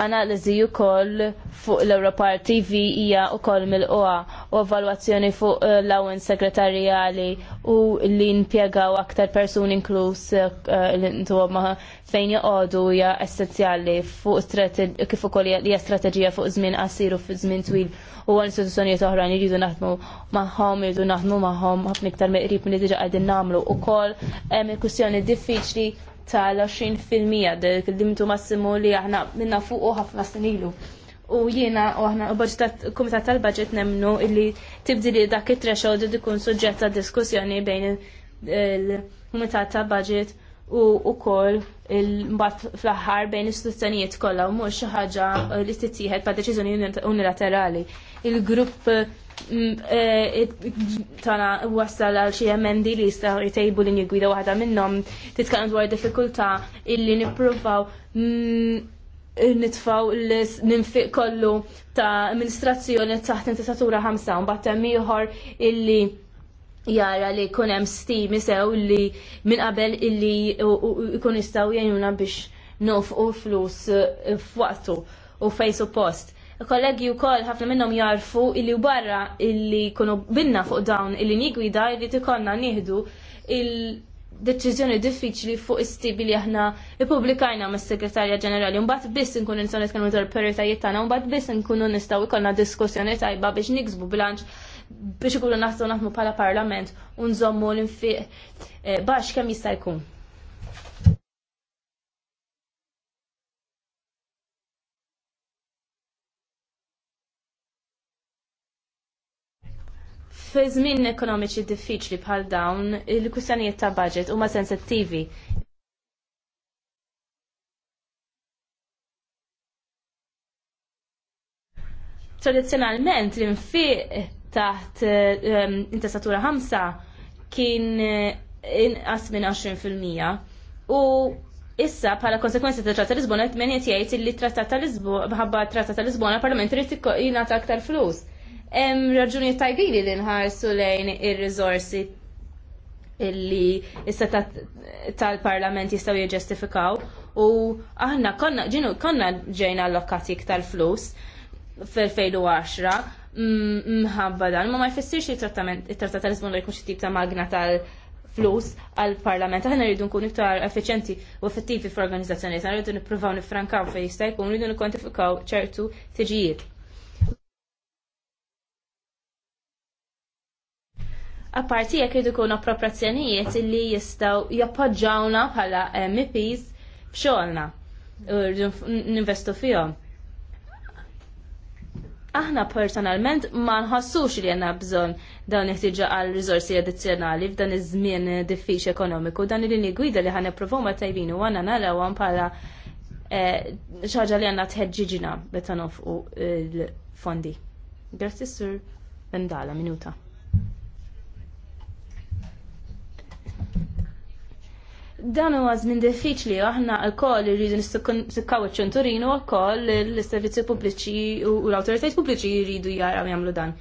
D: analiżi koll fuq l europa TV hija wkoll mil qoa u evalwazzjoni fuq eh, l-awen segretarjali u li npjegaw aktar persuni inkluż eh, li intuhom eh, fejn joqogħdu hija essenzjali fuq kif ukoll hija strateġija fuq żmien qasir u fuq żmien twil u għan istituzzjonijiet oħrajn jridu naħdmu magħhom, jridu naħdmu magħhom ħafna iktar meqrib li diġa qegħdin nagħmlu koll hemm il-kwistjoni diffiċli tal-20% dik il-limitu massimu li aħna minna fuq u ħafna snilu. U jiena u aħna u kumitat tal-budget nemnu illi li dak it-threshold ikun suġġett ta' diskussjoni bejn il-kumitat tal-budget u il-mbat fl-aħħar bejn istituzzjonijiet kollha u mhux xi ħaġa li tittieħed pa' deċizjoni unilaterali. Il-grupp E, tana wassal għal xie emendi li jistaw jitejbu li njigwida waħda minnom titkellem dwar diffikulta illi nippruvaw nitfaw l-ninfiq kollu ta' amministrazzjoni taħt intestatura ħamsa un battem ieħor illi jara li kunem hemm stimi sew li minn qabel illi jkun jistgħu jgħinuna biex nofqu flus e, f'waqtu u fej suppost kollegi wkoll ħafna minnhom jarfu illi barra illi jkunu binna fuq dawn il-linji gwida illi tikonna nieħdu il-deċiżjoni diffiċli fuq istibi li aħna ippubblikajna mas-Segretarja Ġenerali mbagħad biss inkunu nistgħu nitkellmu dwar prioritajiet tagħna mbagħad biss nkunu nistgħu ikollna diskussjoni tajba biex niksbu bilanċ biex ikunu naħdu naħdmu bħala parlament u nżommu l-infiq eh, baxx kemm jista' jkun. Fi żmien ekonomiċi diffiċli bħal dawn, il-kwistjonijiet ta' budget huma sensittivi. Tradizzjonalment l-infiq taħt ehm, intestatura ħamsa kien eh, inqas minn 20% u issa bħala konsekwenza ta' Trattat Lisbona qed min jgħid li Trattat ta' Lisbona bħabba Trattat ta' Lisbona parlament irid jingħata aktar flus hemm raġuni tajbili li nħarsu lejn ir-riżorsi illi issa seta tal-parlament jistgħu jiġġustifikaw. u aħna konna ġinu konna ġejna allokati iktar flus fil-2010 mħabba dan, ma ma jfessirx il-trattament, il-trattat tal-Lisbon li xi tip ta' magna tal-flus għal-parlament. Aħna rridu nkunu iktar effiċenti u effettivi fl-organizzazzjoni, aħna rridu nippruvaw nifrankaw fejn jista' jkun rridu nikkwantifikaw ċertu tiġijiet Apparti jekk irid kuna proprazzjonijiet li jistgħu jappoġġawna bħala MPs f'xogħolna ninvestu fihom. Aħna personalment ma nħassux li jenna bżon dawn iħtiġa għal rizorsi addizzjonali f'dan iż-żmien diffiċ ekonomiku, dan il-linji gwida li ħana provu ma tajbin u għanna nara għan pala eh, xaġa li għanna tħedġiġina betan nofqu l-fondi. Grazie sur Vendala, minuta. Dan huwa żmien diffiċli aħna wkoll irridu nistgħu iċ-ċenturin wkoll l-servizzi pubbliċi u l-awtoritajiet pubbliċi jridu jaraw jagħmlu dan.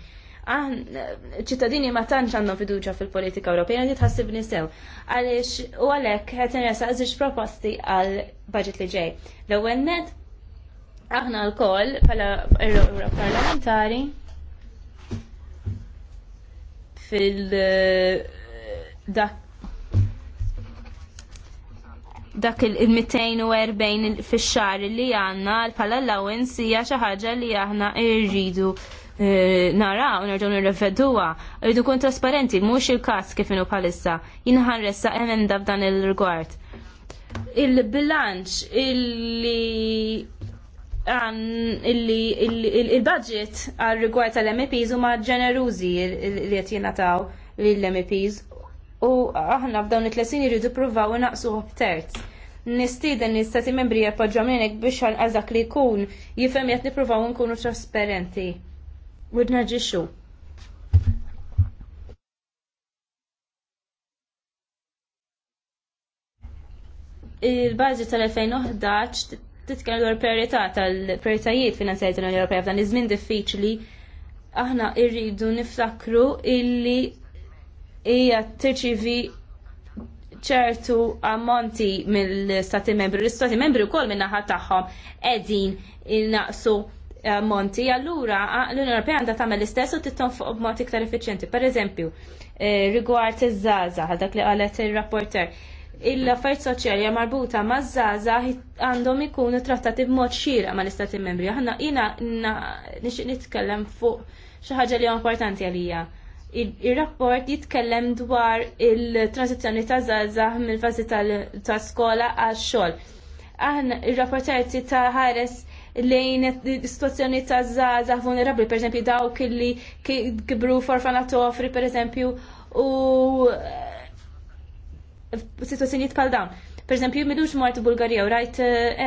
D: ċittadini ma tantx għandhom fiduċja fil-politika Ewropea li tħassibni sew. Għaliex u għalhekk qed inresaq żewġ proposti għal budget li ġej. L-ewwel net aħna l-koll pala parlamentari fil dak dak il-240 fix-xahar li għandna bħala allowance hija xi ħaġa li aħna rridu eh, naraw, nerġaw nirrevedduwa, rridu nkun trasparenti, mhux il każ kif inhu bħalissa. Jien jinħarressa emenda f'dan il-rigward. Il-bilanċ illi il-budget għal rigward tal-MEPs u ma ġenerużi li qed jingħataw l-MEPs u aħna f'dawn it-tlesin jridu provaw naqsu b'terz. Nistieden li istati membri jappoġġaw minnek biex għal li jkun jifhem qed nippruvaw nkunu trasparenti.
A: U ġiċu.
D: il-bazi tal-2011 titkellem dwar priorità tal-prioritajiet finanzjari tal-Unjoni Ewropea f'dan iż-żmien diffiċli aħna rridu niftakru illi hija tirċivi ċertu ammonti mill-stati membri. L-stati membri wkoll min-naħa tagħhom qegħdin innaqsu ammonti. Allura l-Unjoni Ewropea għandha tagħmel l-istess u titton fuq b'mod iktar effiċjenti. Pereżempju, eh, rigward iż-żgħażagħ dak li qalet ir-rapporter il-affarijiet soċjali marbuta ma' żaza għandhom ikunu trattati b'mod xira mal istati membri. Aħna jiena nixtieq nitkellem fuq xi ħaġa li hija importanti għalija. Il-rapport jitkellem dwar il-transizjoni ta' zazah mill-fazi ta' skola għal xol. Aħna il-rapporterti ta' ħares lejn situazzjoni ta' zazah vulnerabli, per esempio dawk li kibru forfanatofri, per esempio, u eh, situazzjoni pal dawn. Per esempio, midux mort Bulgarija u rajt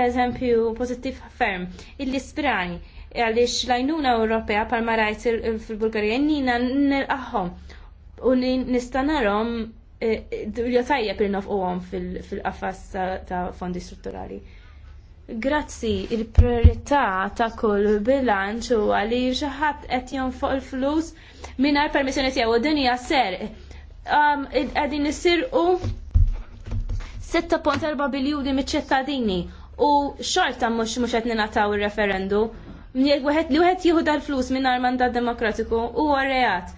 D: eżempju eh, pozittiv ferm, il-li sprani għaliex l-għajnuna Ewropea palma rajt fil-Bulgarija nina nil-qaħħom u e, e, li nistanarom jotajja pil għom fil-qafas ta' fondi strutturali. Grazzi, il-priorità ta' kull bilanċ u għalli xaħat qed fuq il-flus mingħajr permissjoni tijaw u dinja ser għadin u 6.4 biljuni miċ-ċittadini u xorta mux mux għetni nataw il-referendu li wieħed jieħu dal-flus mingħajr mandat demokratiku huwa reat.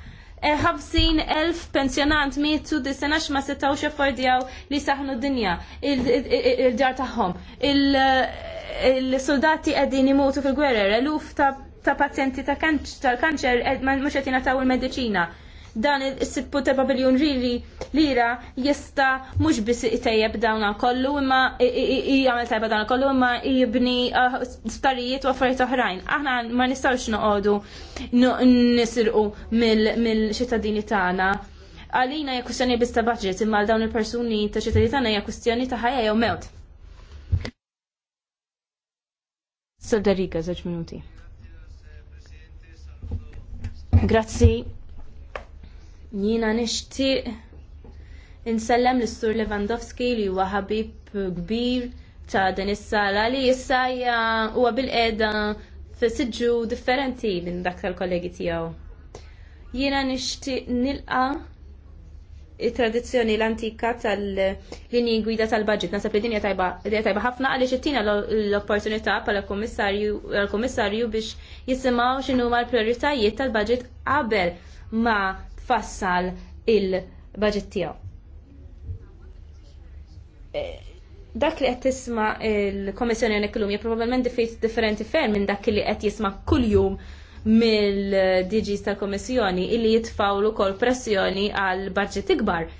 D: E, elf pensjonant mietu dis-senax ma setaw affordjaw li saħnu d-dinja il-ġar taħħom. Il-soldati qegħdin imutu fil-gwerer, eluf ta' pazjenti tal-kanċer mhux qed jingħataw il-mediċina dan il ta' biljun riri lira jista mhux biss itejjeb dawna kollu imma jagħmel tajba dawna kollu imma jibni ah, starijiet u affarijiet oħrajn. Aħna ma nistgħux noqogħdu nisirqu mill-ċittadini tagħna għalina hija kwistjoni biss ta' budget imma dawn il-persuni ta' ċittadini tagħna hija kwistjoni ta' ħajja jew mewt. Soldarika, żewġ minuti. Grazzi, Jiena nixtieq insellem l-Sur Lewandowski li huwa ħabib kbir ta' din is-sala li issa huwa bil fi f'siġġu differenti minn dak tal-kollegi tiegħu. Jiena nixtieq nilqa it-tradizzjoni l-antika tal-linji gwida tal-budget nasab li dinja tajba tajba ħafna għaliex ittina l-opportunità bħala kummissarju għall-kummissarju biex jisimgħu x'inhuma l prijoritajiet tal-budget qabel ma fassal il-budget tiegħu. E, dak li qed tisma' il-Kommissjoni Ekolum hija probabbilment differenti ferm minn dak li qed jisma' kuljum mill-DGs tal-Kommissjoni illi jitfawlu kol pressjoni għal budget ikbar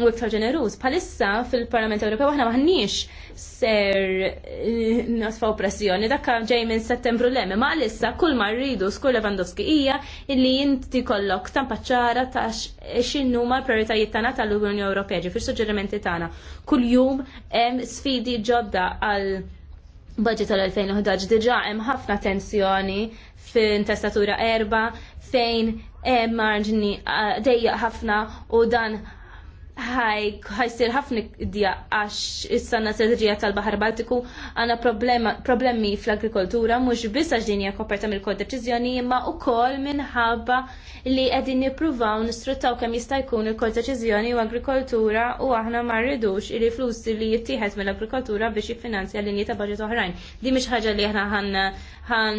D: u iktar ġeneruż. Palissa fil-Parlament Ewropew aħna maħniex ser eh, nasfaw pressjoni dakka ġej minn settembru lem, ma għalissa kull marridu rridu skur Lewandowski hija illi inti kollok paċċara ta' eh, xinnu ma l tana tagħna tal-Unjoni Ewropea ġifier suġġerimenti tagħna. jum hemm sfidi ġodda għal budget tal-2011 diġà hemm ħafna tensjoni testatura erba' fejn hemm marġni eh, dejjaq ħafna u dan ħajsir ħafna dija għax is-sanna sedrija tal-Bahar Baltiku għana problemi fl-agrikoltura mhux biss għax din hija koperta mill-kod deċiżjoni imma wkoll minħabba li qegħdin nippruvaw nisfruttaw kemm jista' jkun il-kod deċiżjoni u agrikoltura u aħna ma rridux li flus li jittieħed mill-agrikoltura biex jiffinanzja linji ta' baġit oħrajn. Di mhix ħaġa li aħna ħanna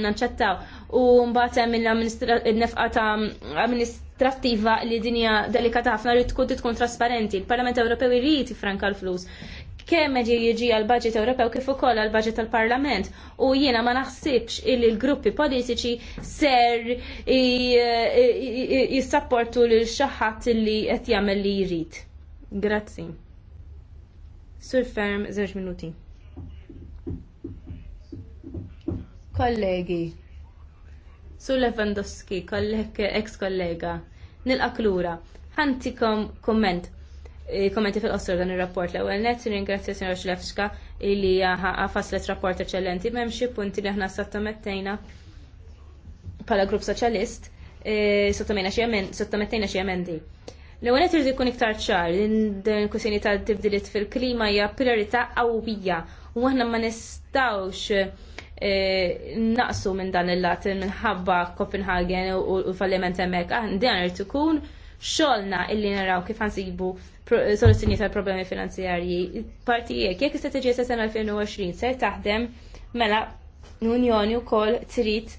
D: naċċettaw. U mbagħad hemm il-nefqa ta' trattiva li dinja delikata ħafna li tkun tkun trasparenti. Il-Parlament Ewropew irrid franka l-flus. Kemm ġi jiġi għal budget Ewropew kif ukoll għal budget tal-Parlament u jiena ma naħsibx illi l-gruppi politiċi ser jissapportu lil xaħat li qed jagħmel li jrid. Grazzi. Sur ferm, żewġ minuti. Kollegi, Sur Lewandowski, kollek ex kollega, nil-aklura, lura. kom komment. Eh, kommenti fil-qosor dan ir-rapport l-ewwel net, ringrazzja Sinjor Xlefxka li faslet rapport eċċellenti m'hemm xi punti li aħna sottomettejna bħala grupp soċjalist eh, sottomettejna xi emendi. L-ewwel net qed ikun iktar ċar din kwistjoni tal-tibdiliet fil-klima hija priorità qawwija u aħna ma nistgħux E, naqsu minn dan il-lat minħabba Copenhagen u l-falliment hemmhekk għandjan ah, irid ikun xolna illi naraw kif ħansibu soluzzjoni tal-problemi finanzjarji. Partijek, jekk istrateġija sa' sena 2020 ser taħdem mela l-Unjoni wkoll trid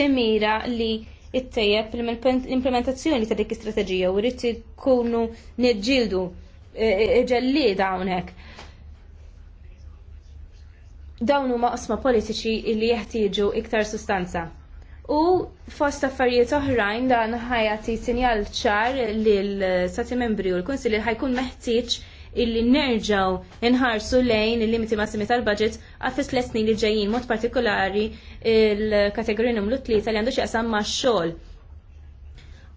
D: timira li ittejjeb l-implementazzjoni ta' dik il-strateġija u rrid ikunu niġġieldu e, e, ġellida hawnhekk dawn huma qosma politiċi li jeħtieġu iktar sustanza. U fost affarijiet oħrajn dan ħajati sinjal ċar lil stati membri u l kunsilli li ħajkun meħtieġ illi nerġaw inħarsu lejn il-limiti massimi tal-budget għaffis l-esni li ġejjin, mod partikolari il kategorinum l tlieta li għandu xieqsam ma' xogħol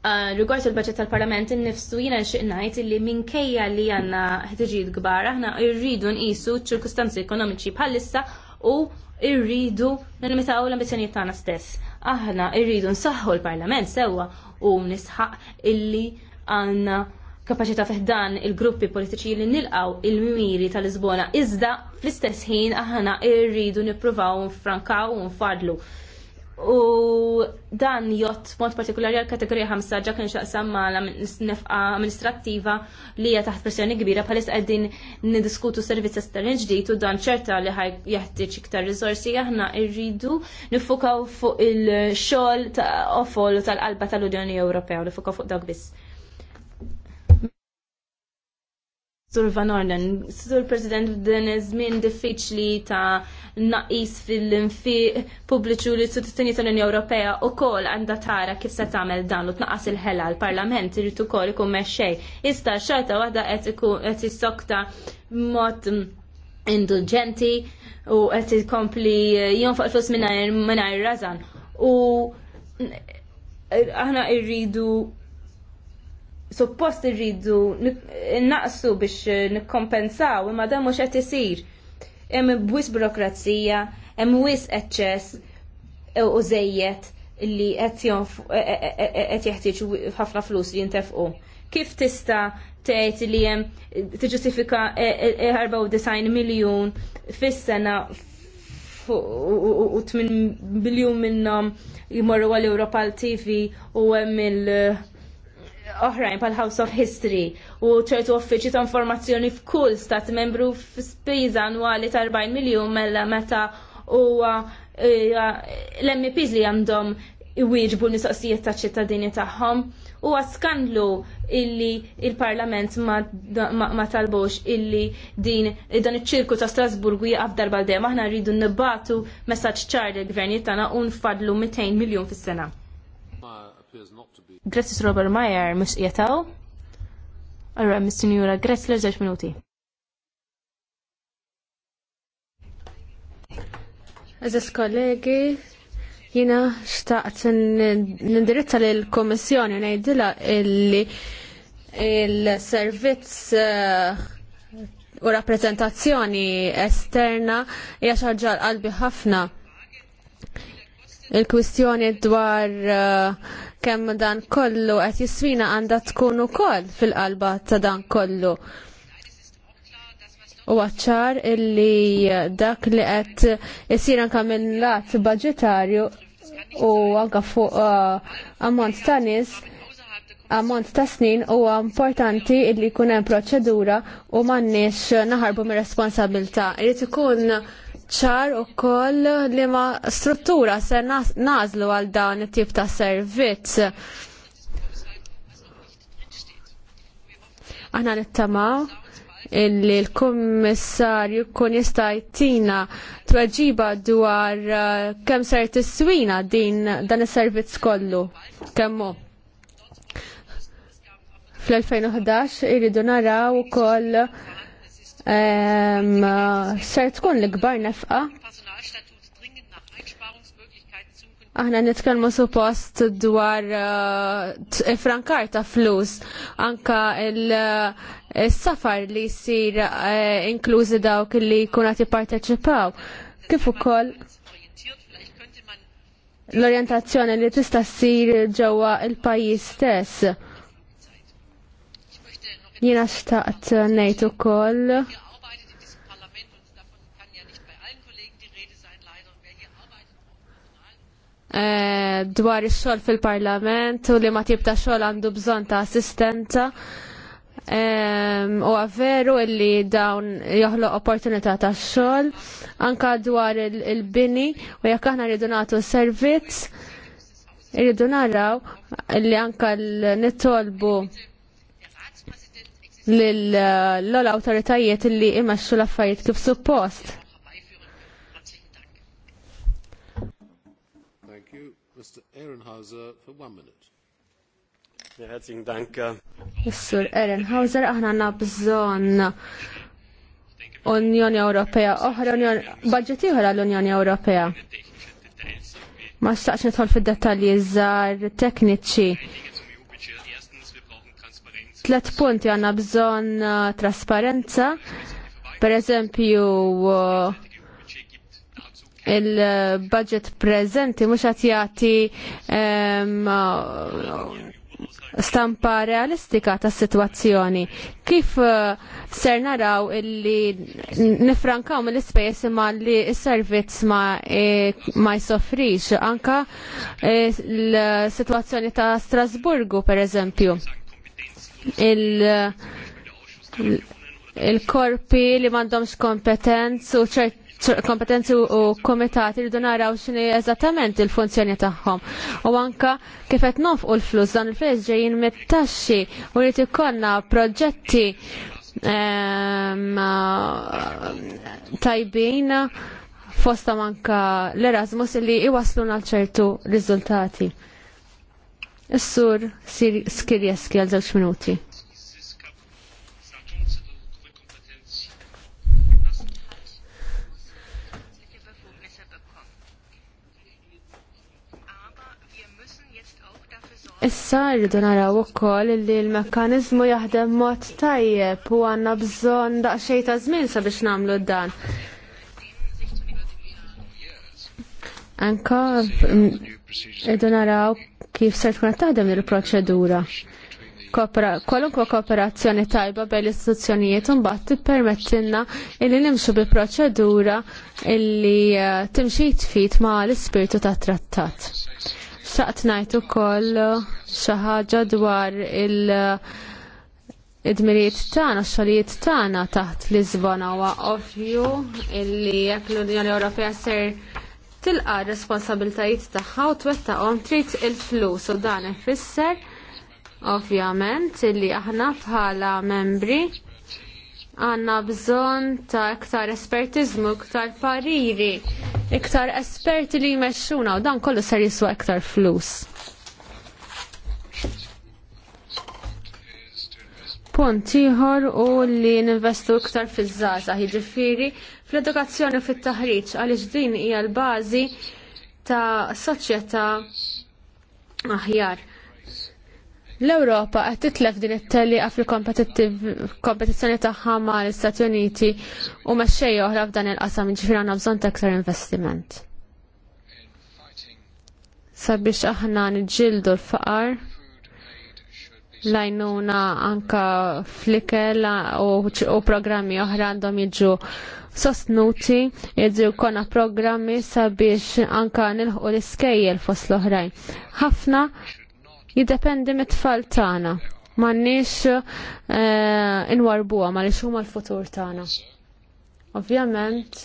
D: Eh, rigward il-budget tal-Parlament innifsu jiena nxiq ngħid li minkejja li għandna ħtiġijiet kbar aħna rridu nqisu ċirkustanzi ekonomiċi bħalissa u rridu limitaw l-ambizzjonijiet tagħna stess. Aħna rridu nsaħħu l-Parlament sewwa u nisħaq illi għandna kapaċità fiħdan il-gruppi politiċi li nilqaw il-miri tal-Lisbona iżda fl-istess ħin aħna rridu nippruvaw nfrankaw u nfadlu U dan jott mod partikolari għal kategorija 5 ġa kien xaqsam ma nefqa amministrattiva li hija taħt pressjoni kbira bħalis qegħdin niddiskutu servizz estern ġdid u dan ċerta li ħaj jeħtieġ iktar riżorsi aħna rridu nifukaw fuq il-xogħol ta' ofol tal-qalba tal-Unjoni Ewropea u nifukaw fuq dak biss. Sur Van Orden, Sur President din iż-żmien diffiċli ta' naqis fil-infiq pubbliċu li s-sostini tal-Unja Ewropea u kol għanda tara kif se tagħmel dan u tnaqas il-ħela l-Parlament irid ukoll ikun mexxej. Ista xorta waħda qed issokta mod indulġenti u qed ikompli jonfoq flus mingħajr razan. U aħna irridu suppost irridu naqsu biex eh, nikkompensaw imma dan mhux qed isir. Hemm wis burokrazija, hemm wis eċċess e, u żejjed li e, e, qed jeħtieġ ħafna flus li jintefqu. Kif tista' tgħid li hemm tiġġustifika 94 miljun fis-sena u 8 biljun minnhom jmorru għall-Europa għal tv u hemm il- oħrajn pal House of History u ċertu uffiċi ta' informazzjoni f'kull stat membru f'spiża annwali ta' 40 miljon mella meta u e, l-MPs li għandhom iwieġbu l-mistoqsijiet ta' ċittadini tagħhom u skandlu illi il-parlament ma talbox illi din dan iċ-ċirku ta' Strasburgu jaqaf darba d aħna rridu nibbatu messaċ ċar il gvernijiet tagħna u nfadlu 200 miljun fis-sena. Grazzi Robert Meyer, mis jataw. Allora, mis-sinjura, grazzi l-ġaġ minuti.
A: Eżis kollegi, jina xtaqt nindirizza li l-Komissjoni ngħidilha illi il-servizz uh, u rappresentazzjoni esterna hija xi qalbi ħafna il-kwistjoni dwar uh, kemm dan kollu qed jiswina għandha tkun ukoll fil-qalba ta' dan kollu. U għacċar illi dak li qed isir anke minn lat budgetarju u anke fuq uh, ammont ta' nies ammont ta' snin huwa importanti illi jkun hemm proċedura u m'għandniex naħarbu mir responsabilta Irid ikun ċar koll li ma struttura se nażlu għal dan it-tip ta' servizz. Aħna nittamaw illi l-kommissarju kun jista' jtina tweġiba dwar uh, kemm ser tiswina din dan is-servizz kollu kemm fl-2011 iridu naraw ukoll ser tkun l gbar nefqa. Aħna nitkellmu suppost dwar eh, frankar ta' flus, anka il-safar eh, li jisir eh, inklużi dawk li jkunu jipparteċipaw. Kif ukoll l-orjentazzjoni li tista' ssir ġewwa il-pajjiż stess Jiena xtaqt ngħid ukoll eh, dwar ix-xogħol fil-Parlament u li ma tib ta' xogħol għandu bżonn ta' assistenza. U għavveru illi dawn joħloq opportunità ta' xogħol anka dwar il-bini u jekk aħna rridu nagħtu servizz irridu naraw illi anka l-nitolbu l-autoritajiet li imaxxu l-affarijiet kif suppost.
B: Thank you. Mr. Ehrenhauser for one minute. Herzlichen Dank. Äh,
A: Mr. Ehrenhauser, aħna għanna bżon Unjoni Ewropea, oħra Unjoni budġeti oħra l-Unjoni Ewropea. Ma staqx nitħol fil dettalji żgħar tekniċi
B: tlet punti għanna
A: bżon uh, trasparenza, per eżempju uh, il-budget prezenti mux għatjati jati uh, stampa realistika ta' situazzjoni. Kif ser naraw illi nifrankaw mill-ispejjeż ma li s-servizz ma, e, ma jsofrix anka e, l-situazzjoni ta' Strasburgu per eżempju il-korpi li mandomx kompetenz u ċert kompetenzi u komitati li naraw xini eżattament il-funzjoni tagħhom. U anka kif qed nofqu l-flus dan il-flus ġejjin mit-taxxi u li tikkonna proġetti ehm, tajbin fosta manka l-Erasmus li iwaslu għal ċertu riżultati. Is-sur Skirjeski għal żewġ minuti. Issa rridu naraw ukoll li l-mekkaniżmu jaħdem mod tajjeb u għandna bżonn daqsxejn ta' żmien sabiex nagħmlu dan. Anka mm, rridu naraw kif ser tkun taħdem il-proċedura. Kwalunkwa kooperazzjoni tajba bejn l-istituzzjonijiet imbagħad tippermettilna illi nimxu bi proċedura illi eh, timxi tfit ma l-ispirtu tat trattat. Xaqt ngħid ukoll xi ħaġa dwar il- id-dmirijiet tagħna, x-xogħlijiet tagħna taħt Lisbona wa ovvju illi jekk l-Unjoni Ewropea ser tilqa responsabiltajiet tagħha u twettaqhom trid il-flus u dan ifisser ovvjament li aħna bħala membri għanna bżon ta' iktar espertizmu, iktar pariri, iktar esperti li jmexxuna u dan kollu ser jiswa iktar flus. Punt ieħor u li ninvestu iktar fiż-żgħażagħ, jiġifieri fl-edukazzjoni fit-taħriġ għaliex din hija l-bażi ta' soċjetà aħjar. L-Ewropa qed titlef din it-telliqa fil-kompetizzjoni tagħha mal-Istati Uniti u mexxej oħra f'dan il-qasam ġifier għandna bżonn ta' aktar investiment. Sabiex aħna niġġieldu l-faqar lajnuna anka flikel u programmi oħra għandhom jiġu sostnuti jidżu konna programmi sabiex anka nilħu l-iskejjel fost l-oħrajn. Ħafna jiddependi mit-tfal tagħna. M'għandniex eh, inwarbuha huma l-futur tagħna. Ovvjament,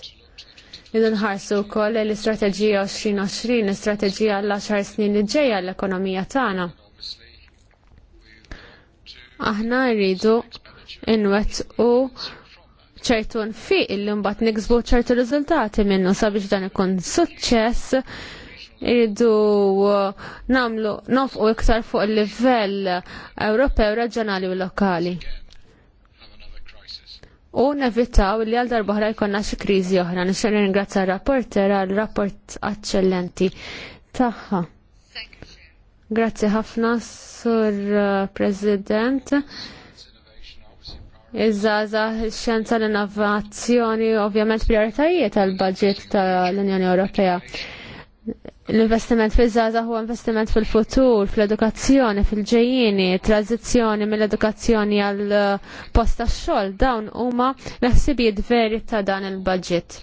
A: nħarsu wkoll l-istrateġija 2020, l istrategija l-10 snin li ġejja l-ekonomija tagħna. Aħna rridu inwet u ċertu nfiq illi mbagħad niksbu ċertu riżultati minnu sabiex dan ikun suċċess iridu uh, namlu u iktar fuq il-livell Ewropew, reġjonali u lokali. U nevitaw li għal darbohra jkonna xi kriżi oħra. Nixtieq ringrazzja r-rapporter għal rapport eccellenti tagħha. Grazzi ħafna, Sur uh, President iż ix xjenza l-innovazzjoni, ovvjament prioritajiet għal-budget tal-Unjoni Ewropea. L-investiment fil żaza huwa investiment fil-futur, fl-edukazzjoni, fil-ġejjini, tranzizzjoni mill-edukazzjoni għal posta xogħol dawn huma l-ħsibijiet veri ta' dan il-budget.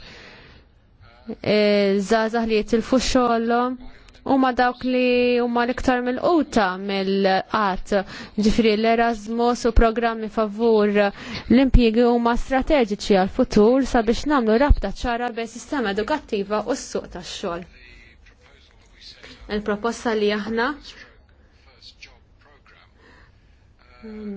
A: Żaza li jitilfu xogħolhom huma dawk li huma l-iktar mill-quta mill-qatt. Ġifri l-Erasmus u programmi favur l-impjiegi huma strateġiċi għal-futur sabiex nagħmlu rabta ċara bejn sistema edukattiva u s-suq tax-xogħol. Il-proposta li aħna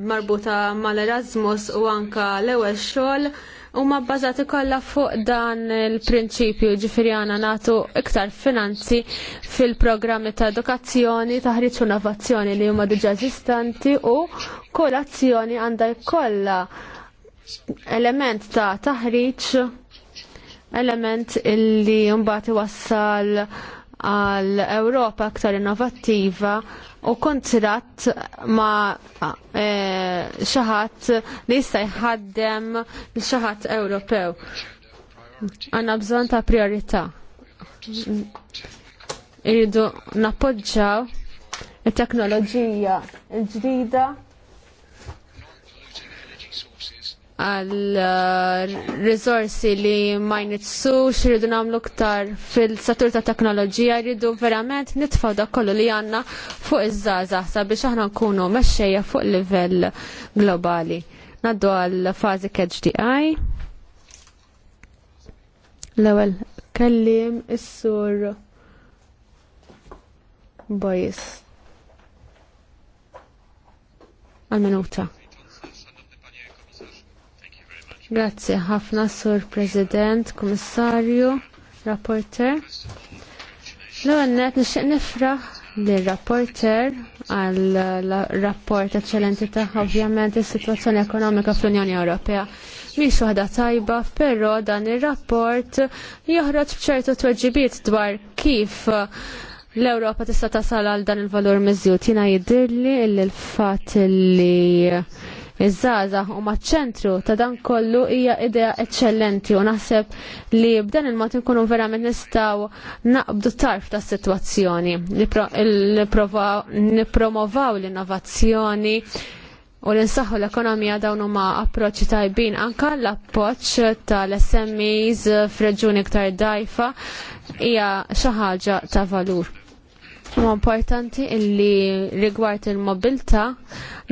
A: marbuta mal-Erasmus u anka l-ewwel xogħol ma bbażati kollha fuq dan il-prinċipju ġifiri għana nagħtu iktar finanzi fil-programmi ta' edukazzjoni, taħriġ u innovazzjoni li huma diġà eżistenti u kull azzjoni għandha jkollha element ta' taħriġ element illi mbagħad iwassal għal Ewropa aktar innovattiva u kontratt ma eh, xaħat li jistaj jħaddem xaħat Ewropew. Għanna bżon ta' priorita. Iridu nappoġġaw it-teknoloġija l-ġdida għal uh, risorsi li ma jnitsu xridu namlu ktar fil-satur ta' teknoloġija, jridu verament nitfaw da kollu li għanna fuq iż-żaza sabiex aħna nkunu meċċeja fuq livell globali. Naddu għal fazi KHDI. L-ewwel kellim is-sur bojis. Għal minuta. Grazzi ħafna sur President, Komissarju, Rapporter. L-għannet nixtieq nifraħ li rapporter għal rapport eccellenti ta' ovvjament is-sitwazzjoni ekonomika fl-Unjoni Ewropea. Mhix waħda tajba, però dan ir-rapport joħroġ b'ċertu tweġibiet dwar kif l-Ewropa tista' tasal għal dan il-valur miżjud. Jiena jidhirli l-fatt li iż-żgħażagħ huma ċ-ċentru ta' dan kollu hija idea eċċellenti u naħseb li b'dan il-mod inkunu verament nistgħu naqbdu tarf tas sitwazzjoni nippromovaw l-innovazzjoni u l l-ekonomija dawn huma approċċi tajbin anka l appoġġ tal-SMEs f'reġuni iktar dajfa hija xi ħaġa ta' valur. Ma importanti illi rigward il-mobilta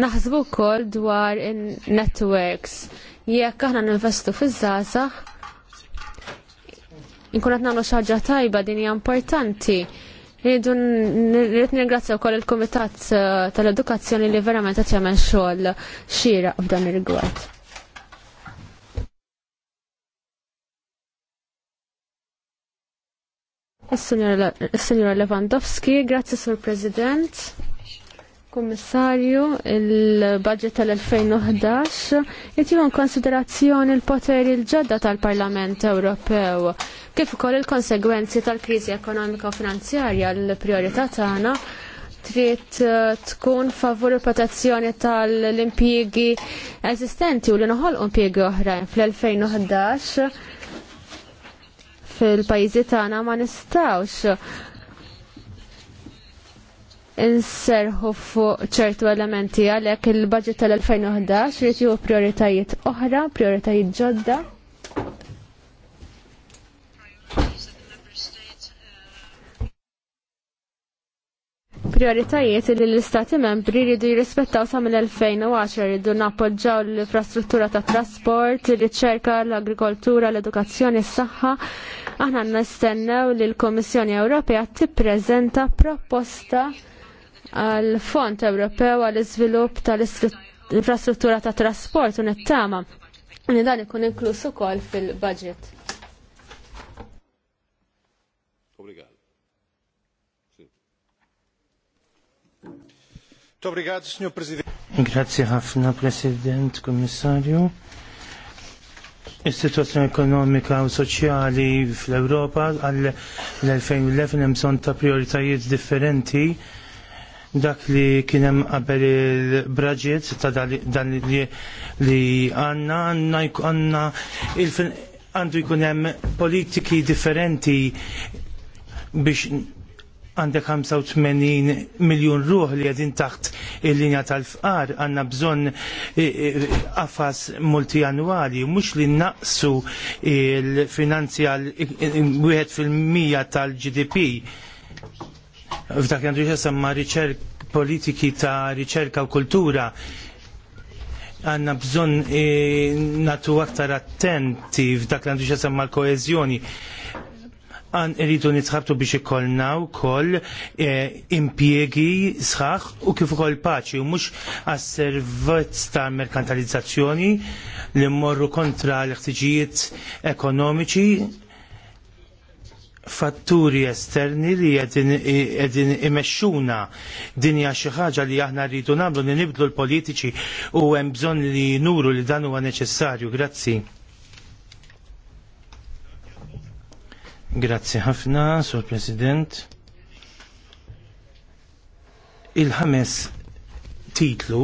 A: naħsbu wkoll dwar in-networks. Jekk aħna ninvestu fiż-żgħażagħ, inkun qed nagħmlu xi ħaġa tajba din hija importanti. Rridu nirrid ningrazzja wkoll il-Kumitat eh, tal-Edukazzjoni li verament qed jagħmel xogħol xieraq f'dan ir-rigward. Is-Sinjora Lewandowski, grazzi Sur President. Kommissarju, il-budget tal-2011 jitiju konsiderazzjoni l-poteri l-ġodda tal-Parlament Ewropew kif ukoll il-konsegwenzi tal-kriżi ekonomika u finanzjarja l-priorità tagħna trid eh, tkun favur protezzjoni tal-impjiegi eżistenti u li noħolqu impjiegi oħrajn fl-2011 fil-pajjiżi tagħna ma nistgħux inserħu fuq ċertu elementi għalhekk il-budget tal-2011 jrid jieħu prioritajiet oħra, prioritajiet ġodda. prioritajiet li l-Istati membri jridu jirrispettaw sa' mill 2010 jridu nappoġġaw l-infrastruttura ta' trasport, riċerka, l-agrikoltura, l-edukazzjoni, s-saħħa. Aħna nistennew li l-Komissjoni Ewropea tippreżenta proposta għal Fond Ewropew għal iżvilupp tal-infrastruttura ta' trasport u nittama. Dan ikun inklus ukoll fil-budget.
F: Grazie ħafna, President, Kommissarju. Is-situazzjoni ekonomika u soċjali fl-Ewropa għal 2011 hemm bżonn ta' prioritajiet differenti dak li kien hemm qabel il-braġiet ta' dan li għandna, għandna għandu jkun hemm politiki differenti biex għandek 85 miljon ruħ li għedin taħt il-linja tal-fqar għanna bżon għafas e, e, multijanwali mux li naqsu il-finanzi għal 1% tal-GDP f'dak għandu riċerk politiki ta' riċerka u kultura għanna bżon e, natu aktar attenti f'dak għandu ġesamma l-koezjoni għan rridu nitħabtu biex ikollna wkoll eh, impjiegi sħaħ u kif ukoll paċi u mhux għas-servizz ta' merkantilizzazzjoni li mmorru kontra l-ħtiġijiet ekonomiċi fatturi esterni li qegħdin imexxuna dinja xi ħaġa li aħna rridu nagħmlu li nibdlu l-politiċi u hemm bżonn li nuru li dan huwa neċessarju. Grazzi. Grazzi ħafna, Sur President. Il-ħames titlu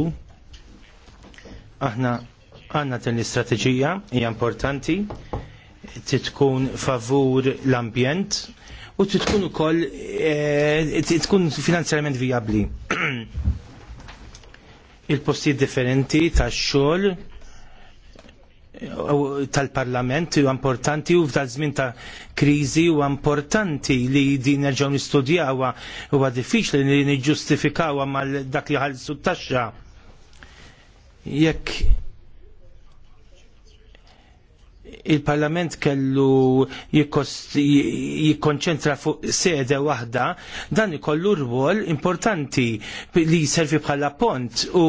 F: aħna għanna din l-istrateġija hija importanti titkun favur l-ambjent u titkun ukoll e, titkun finanzjarment vijabbli. Il-postijiet differenti tax-xogħol tal-parlament u importanti u f'dal żmien ta' kriżi u importanti li din nerġgħu nistudjawha huwa diffiċli li niġġustifikawha mal dak li ħallsu t-taxxa. Jekk il-parlament kellu jikkonċentra fuq sede waħda, dan ikollu rwol importanti li jservi bħala pont u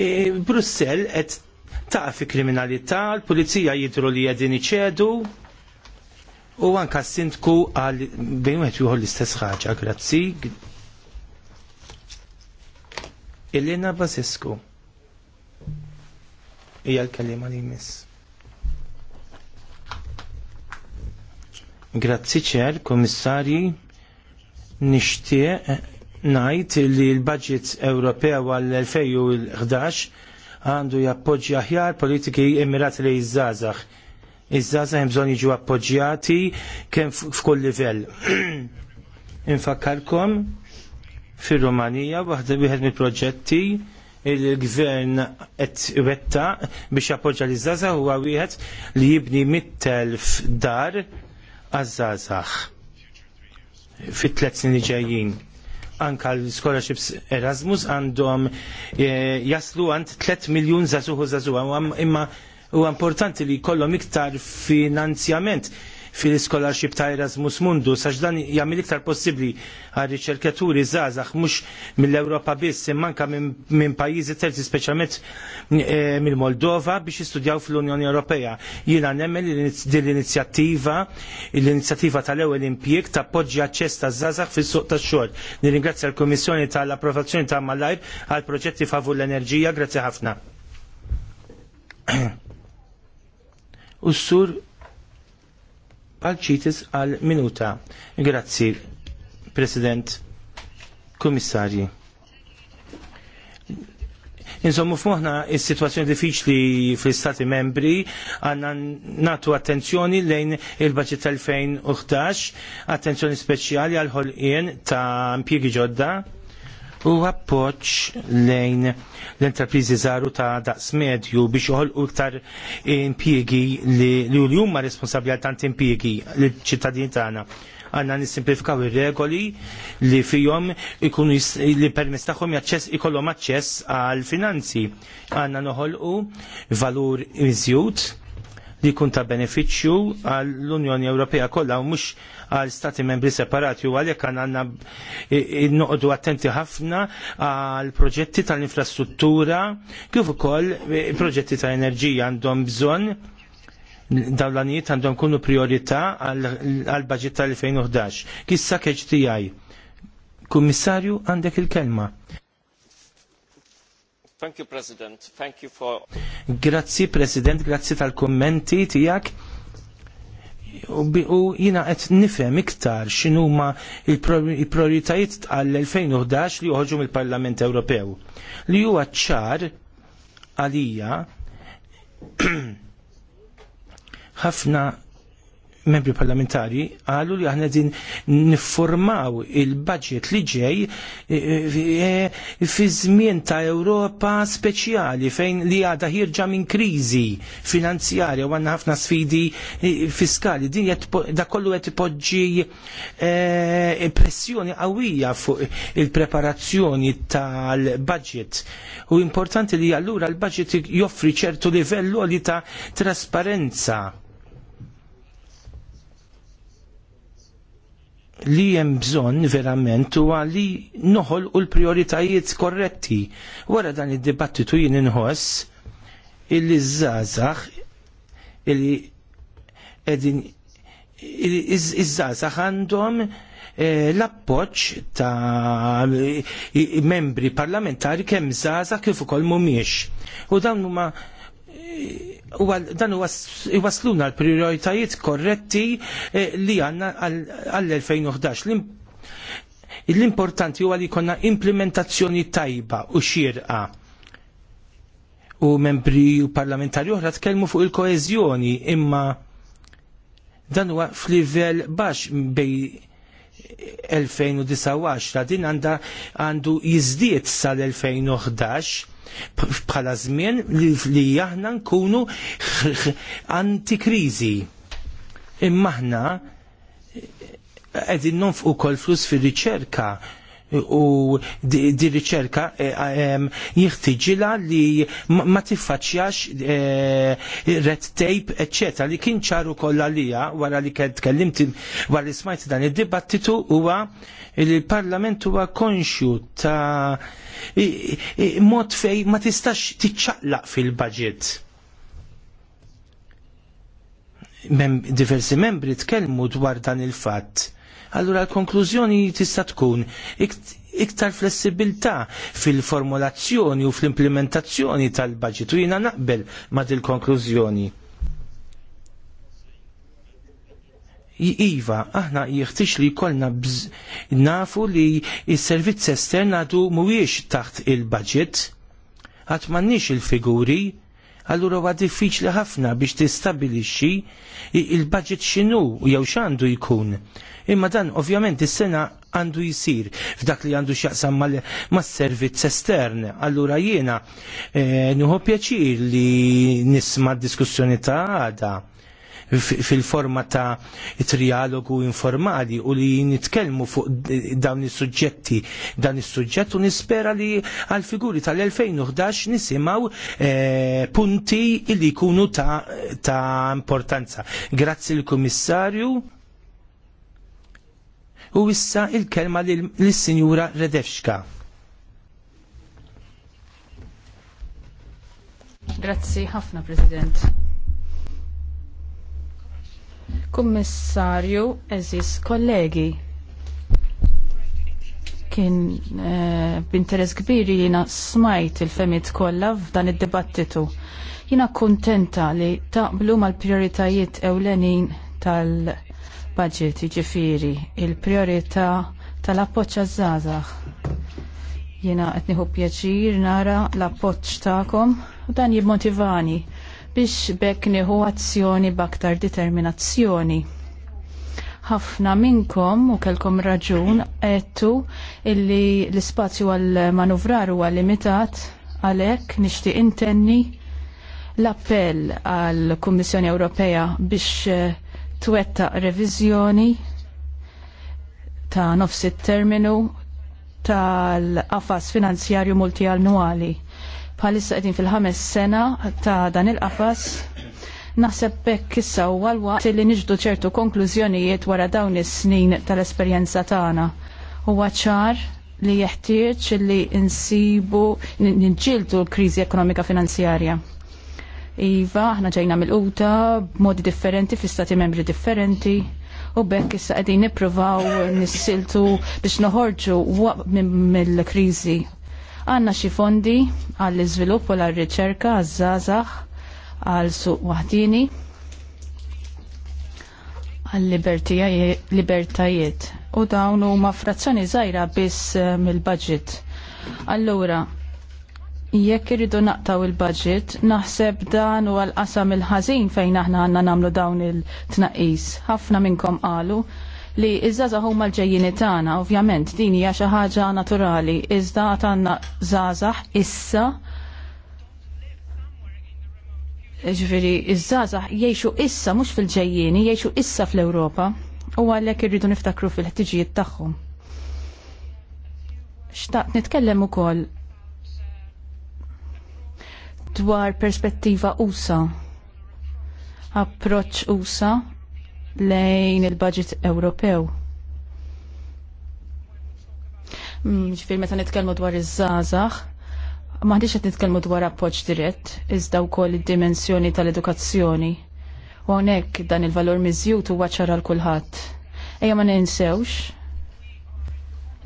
F: e, Brussell qed ta' fi kriminalità, l-pulizija jidru li jedin iċedu u anka sindku għal bejn wieħed l-istess ħaġa, grazzi. Elena Basescu hija l-kelliema li jmiss. Grazzi ċer, komissari, nixtieq ngħid li l-budget Ewropew għal 2011 għandu jappoġġja ħjar politiki immirat li jizzazax. Iż-żaza hemm bżonn jiġu appoġġjati kemm f'kull livell. Infakkarkom fir-Rumanija waħda wieħed mill-proġetti il-gvern qed wetta biex jappoġġja li żaza huwa wieħed li jibni mittelf dar għaż-żazax fit-tliet snin ġejjin anka l-scholarships Erasmus għandhom eh, jaslu għand 3 miljon zazuħu zazuħu imma u importanti li kollom iktar finanzjament fil-scholarship ta' Erasmus Mundus għax dan jagħmel iktar possibbli għal riċerkaturi żgħażagħ mhux mill-Ewropa biss manka minn pajjiżi terzi speċjalment eh, mill-Moldova biex jistudjaw fl-Unjoni Ewropea. Jiena nemmen din l-inizjattiva l-inizjattiva tal-ewwel impjieg tappoġġja aċċess ta' żgħażagħ fis-suq tax-xogħol. Nirringrazzja l-Kummissjoni tal-approvazzjoni ta' malajr għal proġetti favur l-enerġija, grazzi ħafna. Ussur għal ċitis għal minuta. Grazzi, President, Komissarji. Insomma, f'moħna il-situazzjoni diffiċli fl-Istati membri għanna natu attenzjoni lejn il-budget 2011, attenzjoni speċjali għal ħolqien ta' impjiegi ġodda u appoġġ lejn l-enterpriżi żaru ta' daqs medju biex joħolqu iktar impjiegi li li huma responsabbli għal tant impjiegi l-ċittadini tagħna. Għanna nisimplifikaw ir-regoli li fihom ikunu li permess tagħhom jaċċess ikollhom aċċess għal finanzi. Għanna noħolqu valur miżjud li jkun ta' benefiċċju għall-Unjoni Ewropea kollha u mhux għal stati membri separati u għalhekk għandna e, e, noqogħdu attenti ħafna għal proġetti tal-infrastruttura kif ukoll e, proġetti ta' enerġija għandhom bżonn dawn l-għanijiet għandhom kunu priorità għal baġit tal-2011. Kissa keċ tijaj. Kummissarju għandek il-kelma. Thank you, President. Thank you for... Grazzi, President, grazzi tal-kommenti tijak. U jina qed nifhem iktar x'inhu huma l-prioritajiet għall-2011 li joħorġu mill-Parlament Ewropew. Li huwa ċar għalija ħafna membri parlamentari għalu li aħna din niformaw il-budget li ġej e, e, e, fi żmien ta' Ewropa speċjali fejn li għadha ħirġa minn kriżi finanzjarja u għandna ħafna sfidi fiskali. Din da kollu qed ipoġġi pressjoni qawwija fuq il-preparazzjoni tal-budget. U importanti li allura l-budget joffri ċertu livellu li ta' trasparenza li hemm bżonn verament huwa li noħol u l-prioritajiet korretti. Wara dan id-dibattitu jien inħoss illi żgħażagħ illi qegħdin iż-żgħażagħ għandhom eh, l-appoċ ta' membri parlamentari kemm zaza kif ukoll mhumiex. U dawn huma eh, dan iwasluna l-prioritajiet korretti eh, li għanna għall-2011. L-importanti huwa li konna implementazzjoni tajba u xirqa u membri u parlamentari oħra tkellmu fuq il-koezjoni imma dan huwa f'livell baxx bej 2019 din għanda għandu jizdiet sal-2011 bħala żmien li aħna nkunu antikrizi. Imma aħna eh, qegħdin nonfqu kol flus fir-riċerka u di riċerka e, jiħtiġila li ma tiffaċjax e, red tape, eccetera, li kien ċaru kollha lija wara li kien tkellimt wara li smajt dan id-dibattitu huwa li l-Parlament huwa konxju ta' mod fej ma tistax tiċċaqlaq fil-budget. Diversi membri tkellmu dwar dan il-fatt allura l-konklużjoni tista' tkun iktar flessibilità fil-formulazzjoni u fl-implementazzjoni tal-budget u jiena naqbel ma' dil-konklużjoni. Iva, aħna jieħtix li kolna nafu li il-servizz estern għadu mhuwiex taħt il-budget, għat il-figuri allura huwa diffiċli ħafna biex tistabilixxi il-budget x'inhu jew x'għandu jkun. Imma dan ovvjament is-sena għandu jisir f'dak li għandu x'jaqsam mas-servizz estern. Allura jiena e, eh, nieħu pjaċir li nisma' d-diskussjoni ta' għada fil-forma ta' trialogu informali u li nitkellmu fuq dawn is-suġġetti dan is-suġġett u nispera li għal figuri tal-2011 nisimgħu eh, punti li jkunu ta' importanza. Grazzi l-Kummissarju. U issa il-kelma l sinjura Redefxka.
C: Grazzi ħafna, President. Kummissarju, eżis kollegi, kien eh, b'interess kbir jina smajt il femiet kollha f'dan id-dibattitu. Jina kuntenta li taqblu mal-prioritajiet ewlenin tal-budget, ġifiri, il-priorità tal-appoċċa żgħażagħ. Jiena qed nieħu pjaċir nara l-appoġġ tagħkom u dan jimmotivani biex bekk nieħu azzjoni baktar determinazzjoni. Ħafna minnkom u kelkom raġun għettu illi l-ispazju għal manuvrar huwa limitat għalhekk nixtieq intenni l-appell għal Kummissjoni Ewropea biex eh, twettaq reviżjoni ta' nofs it-terminu tal-qafas finanzjarju multiannuali bħalissa qegħdin fil-ħames sena ta' dan il-qafas Naħseb bekk issa huwa l-waqt li niġdu ċertu konklużjonijiet wara dawn is-snin tal-esperjenza tagħna. Huwa ċar li jeħtieġ li insibu ninġildu l-kriżi ekonomika finanzjarja. Iva, aħna ġejna mill-quta b'modi differenti fi stati membri differenti u bekk issa qegħdin nippruvaw nissiltu biex noħorġu mill-kriżi Għanna xi fondi għall-iżvilupp u għall-riċerka għaż-żgħażagħ għal suq waħdini għall-libertajiet u dawn huma frazzjoni żgħira biss eh, mill-budget. Allura, jekk irridu naqtaw il-budget, naħseb dan u għal-qasam il-ħażin fejn aħna għandna nagħmlu dawn il-tnaqqis. Ħafna minnkom qalu li iż-żaza huma l-ġejjini tagħna, ovvjament din hija xi ħaġa naturali, iżda għandna żgħażagħ issa Ġifieri, iż żgħażagħ jgħixu issa, mhux fil-ġejjini, jgħixu issa fl ewropa u għalhekk irridu niftakru fil-ħtiġijiet tagħhom. Xtaqt nitkellem ukoll dwar perspettiva usa, approċċ usa lejn il-budget Ewropew. Mm, ġifir meta nitkellmu dwar iż-żgħażagħ, maħdix qed nitkellmu dwar appoġġ dirett, iżda wkoll id-dimensjoni tal-edukazzjoni. U hawnhekk dan il-valur miżjud huwa ċara l kulħadd. Ejja ma ninsewx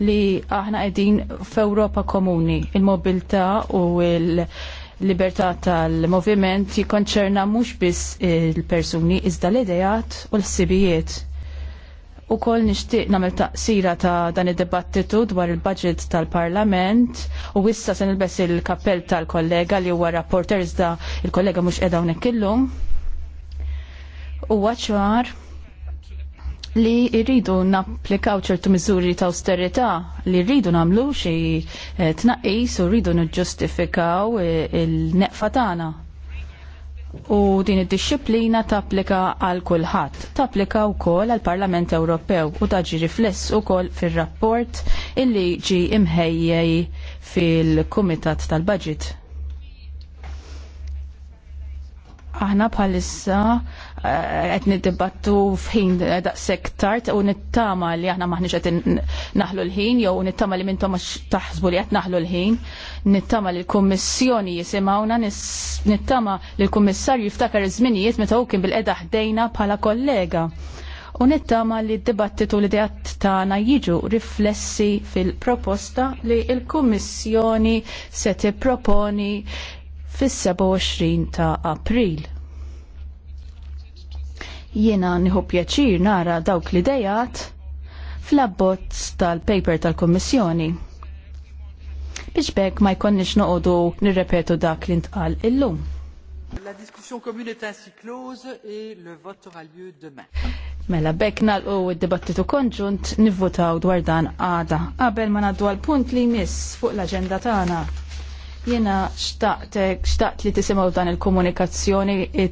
C: li aħna qegħdin f'Ewropa komuni, il-mobilità u l- il libertà tal-moviment jikonċerna mhux biss il-persuni iżda l-idejat u l-sibijiet. U kol nishtiq namil taqsira ta' dan id-debattitu dwar il-budget tal-parlament u wissa se nilbes il-kappell tal-kollega li huwa rapporter iżda il-kollega mhux qiegħda illum. U waċċar li rridu napplikaw ċertu miżuri ta' austerità, li rridu namlu xi eh, tnaqqis u rridu niġġustifikaw eh, il-neqfa tagħna. U din id-disciplina tapplika għal kulħadd, tapplika wkoll għall Parlament Ewropew u taġi rifless ukoll fir-rapport illi ġi imħejjej fil-Kumitat tal-Budget. Aħna bħalissa qed niddibattu f'ħin daqshekk tard u nittama li aħna maħniex qed naħlu l-ħin jew nittama li mintom taħsbu li qed naħlu l-ħin, nittama li l-Kummissjoni jisimgħuna, nittama li l-Kummissarju jiftakar iż-żminijiet meta hu kien bil-qeda ħdejna bħala kollega. U nittama li d-dibattitu li dijat tagħna jiġu riflessi fil-proposta li l-Kummissjoni se tipproponi fis-27 ta' April. Jiena nieħu pjaċir nara dawk li dejat fl-abbozz tal-paper tal-Kommissjoni. Biex bekk ma jkonniex noqogħdu nirrepetu dak li ntqal illum.
F: La discussion commune est ainsi close
E: et le vote aura lieu demain.
C: Mela bekk nalqu id-dibattitu konġunt nivvotaw dwar dan għada. Qabel ma naddu għal punt li jmiss fuq l-aġenda tagħna. Jiena xtaqt li tisimgħu dan il-komunikazzjoni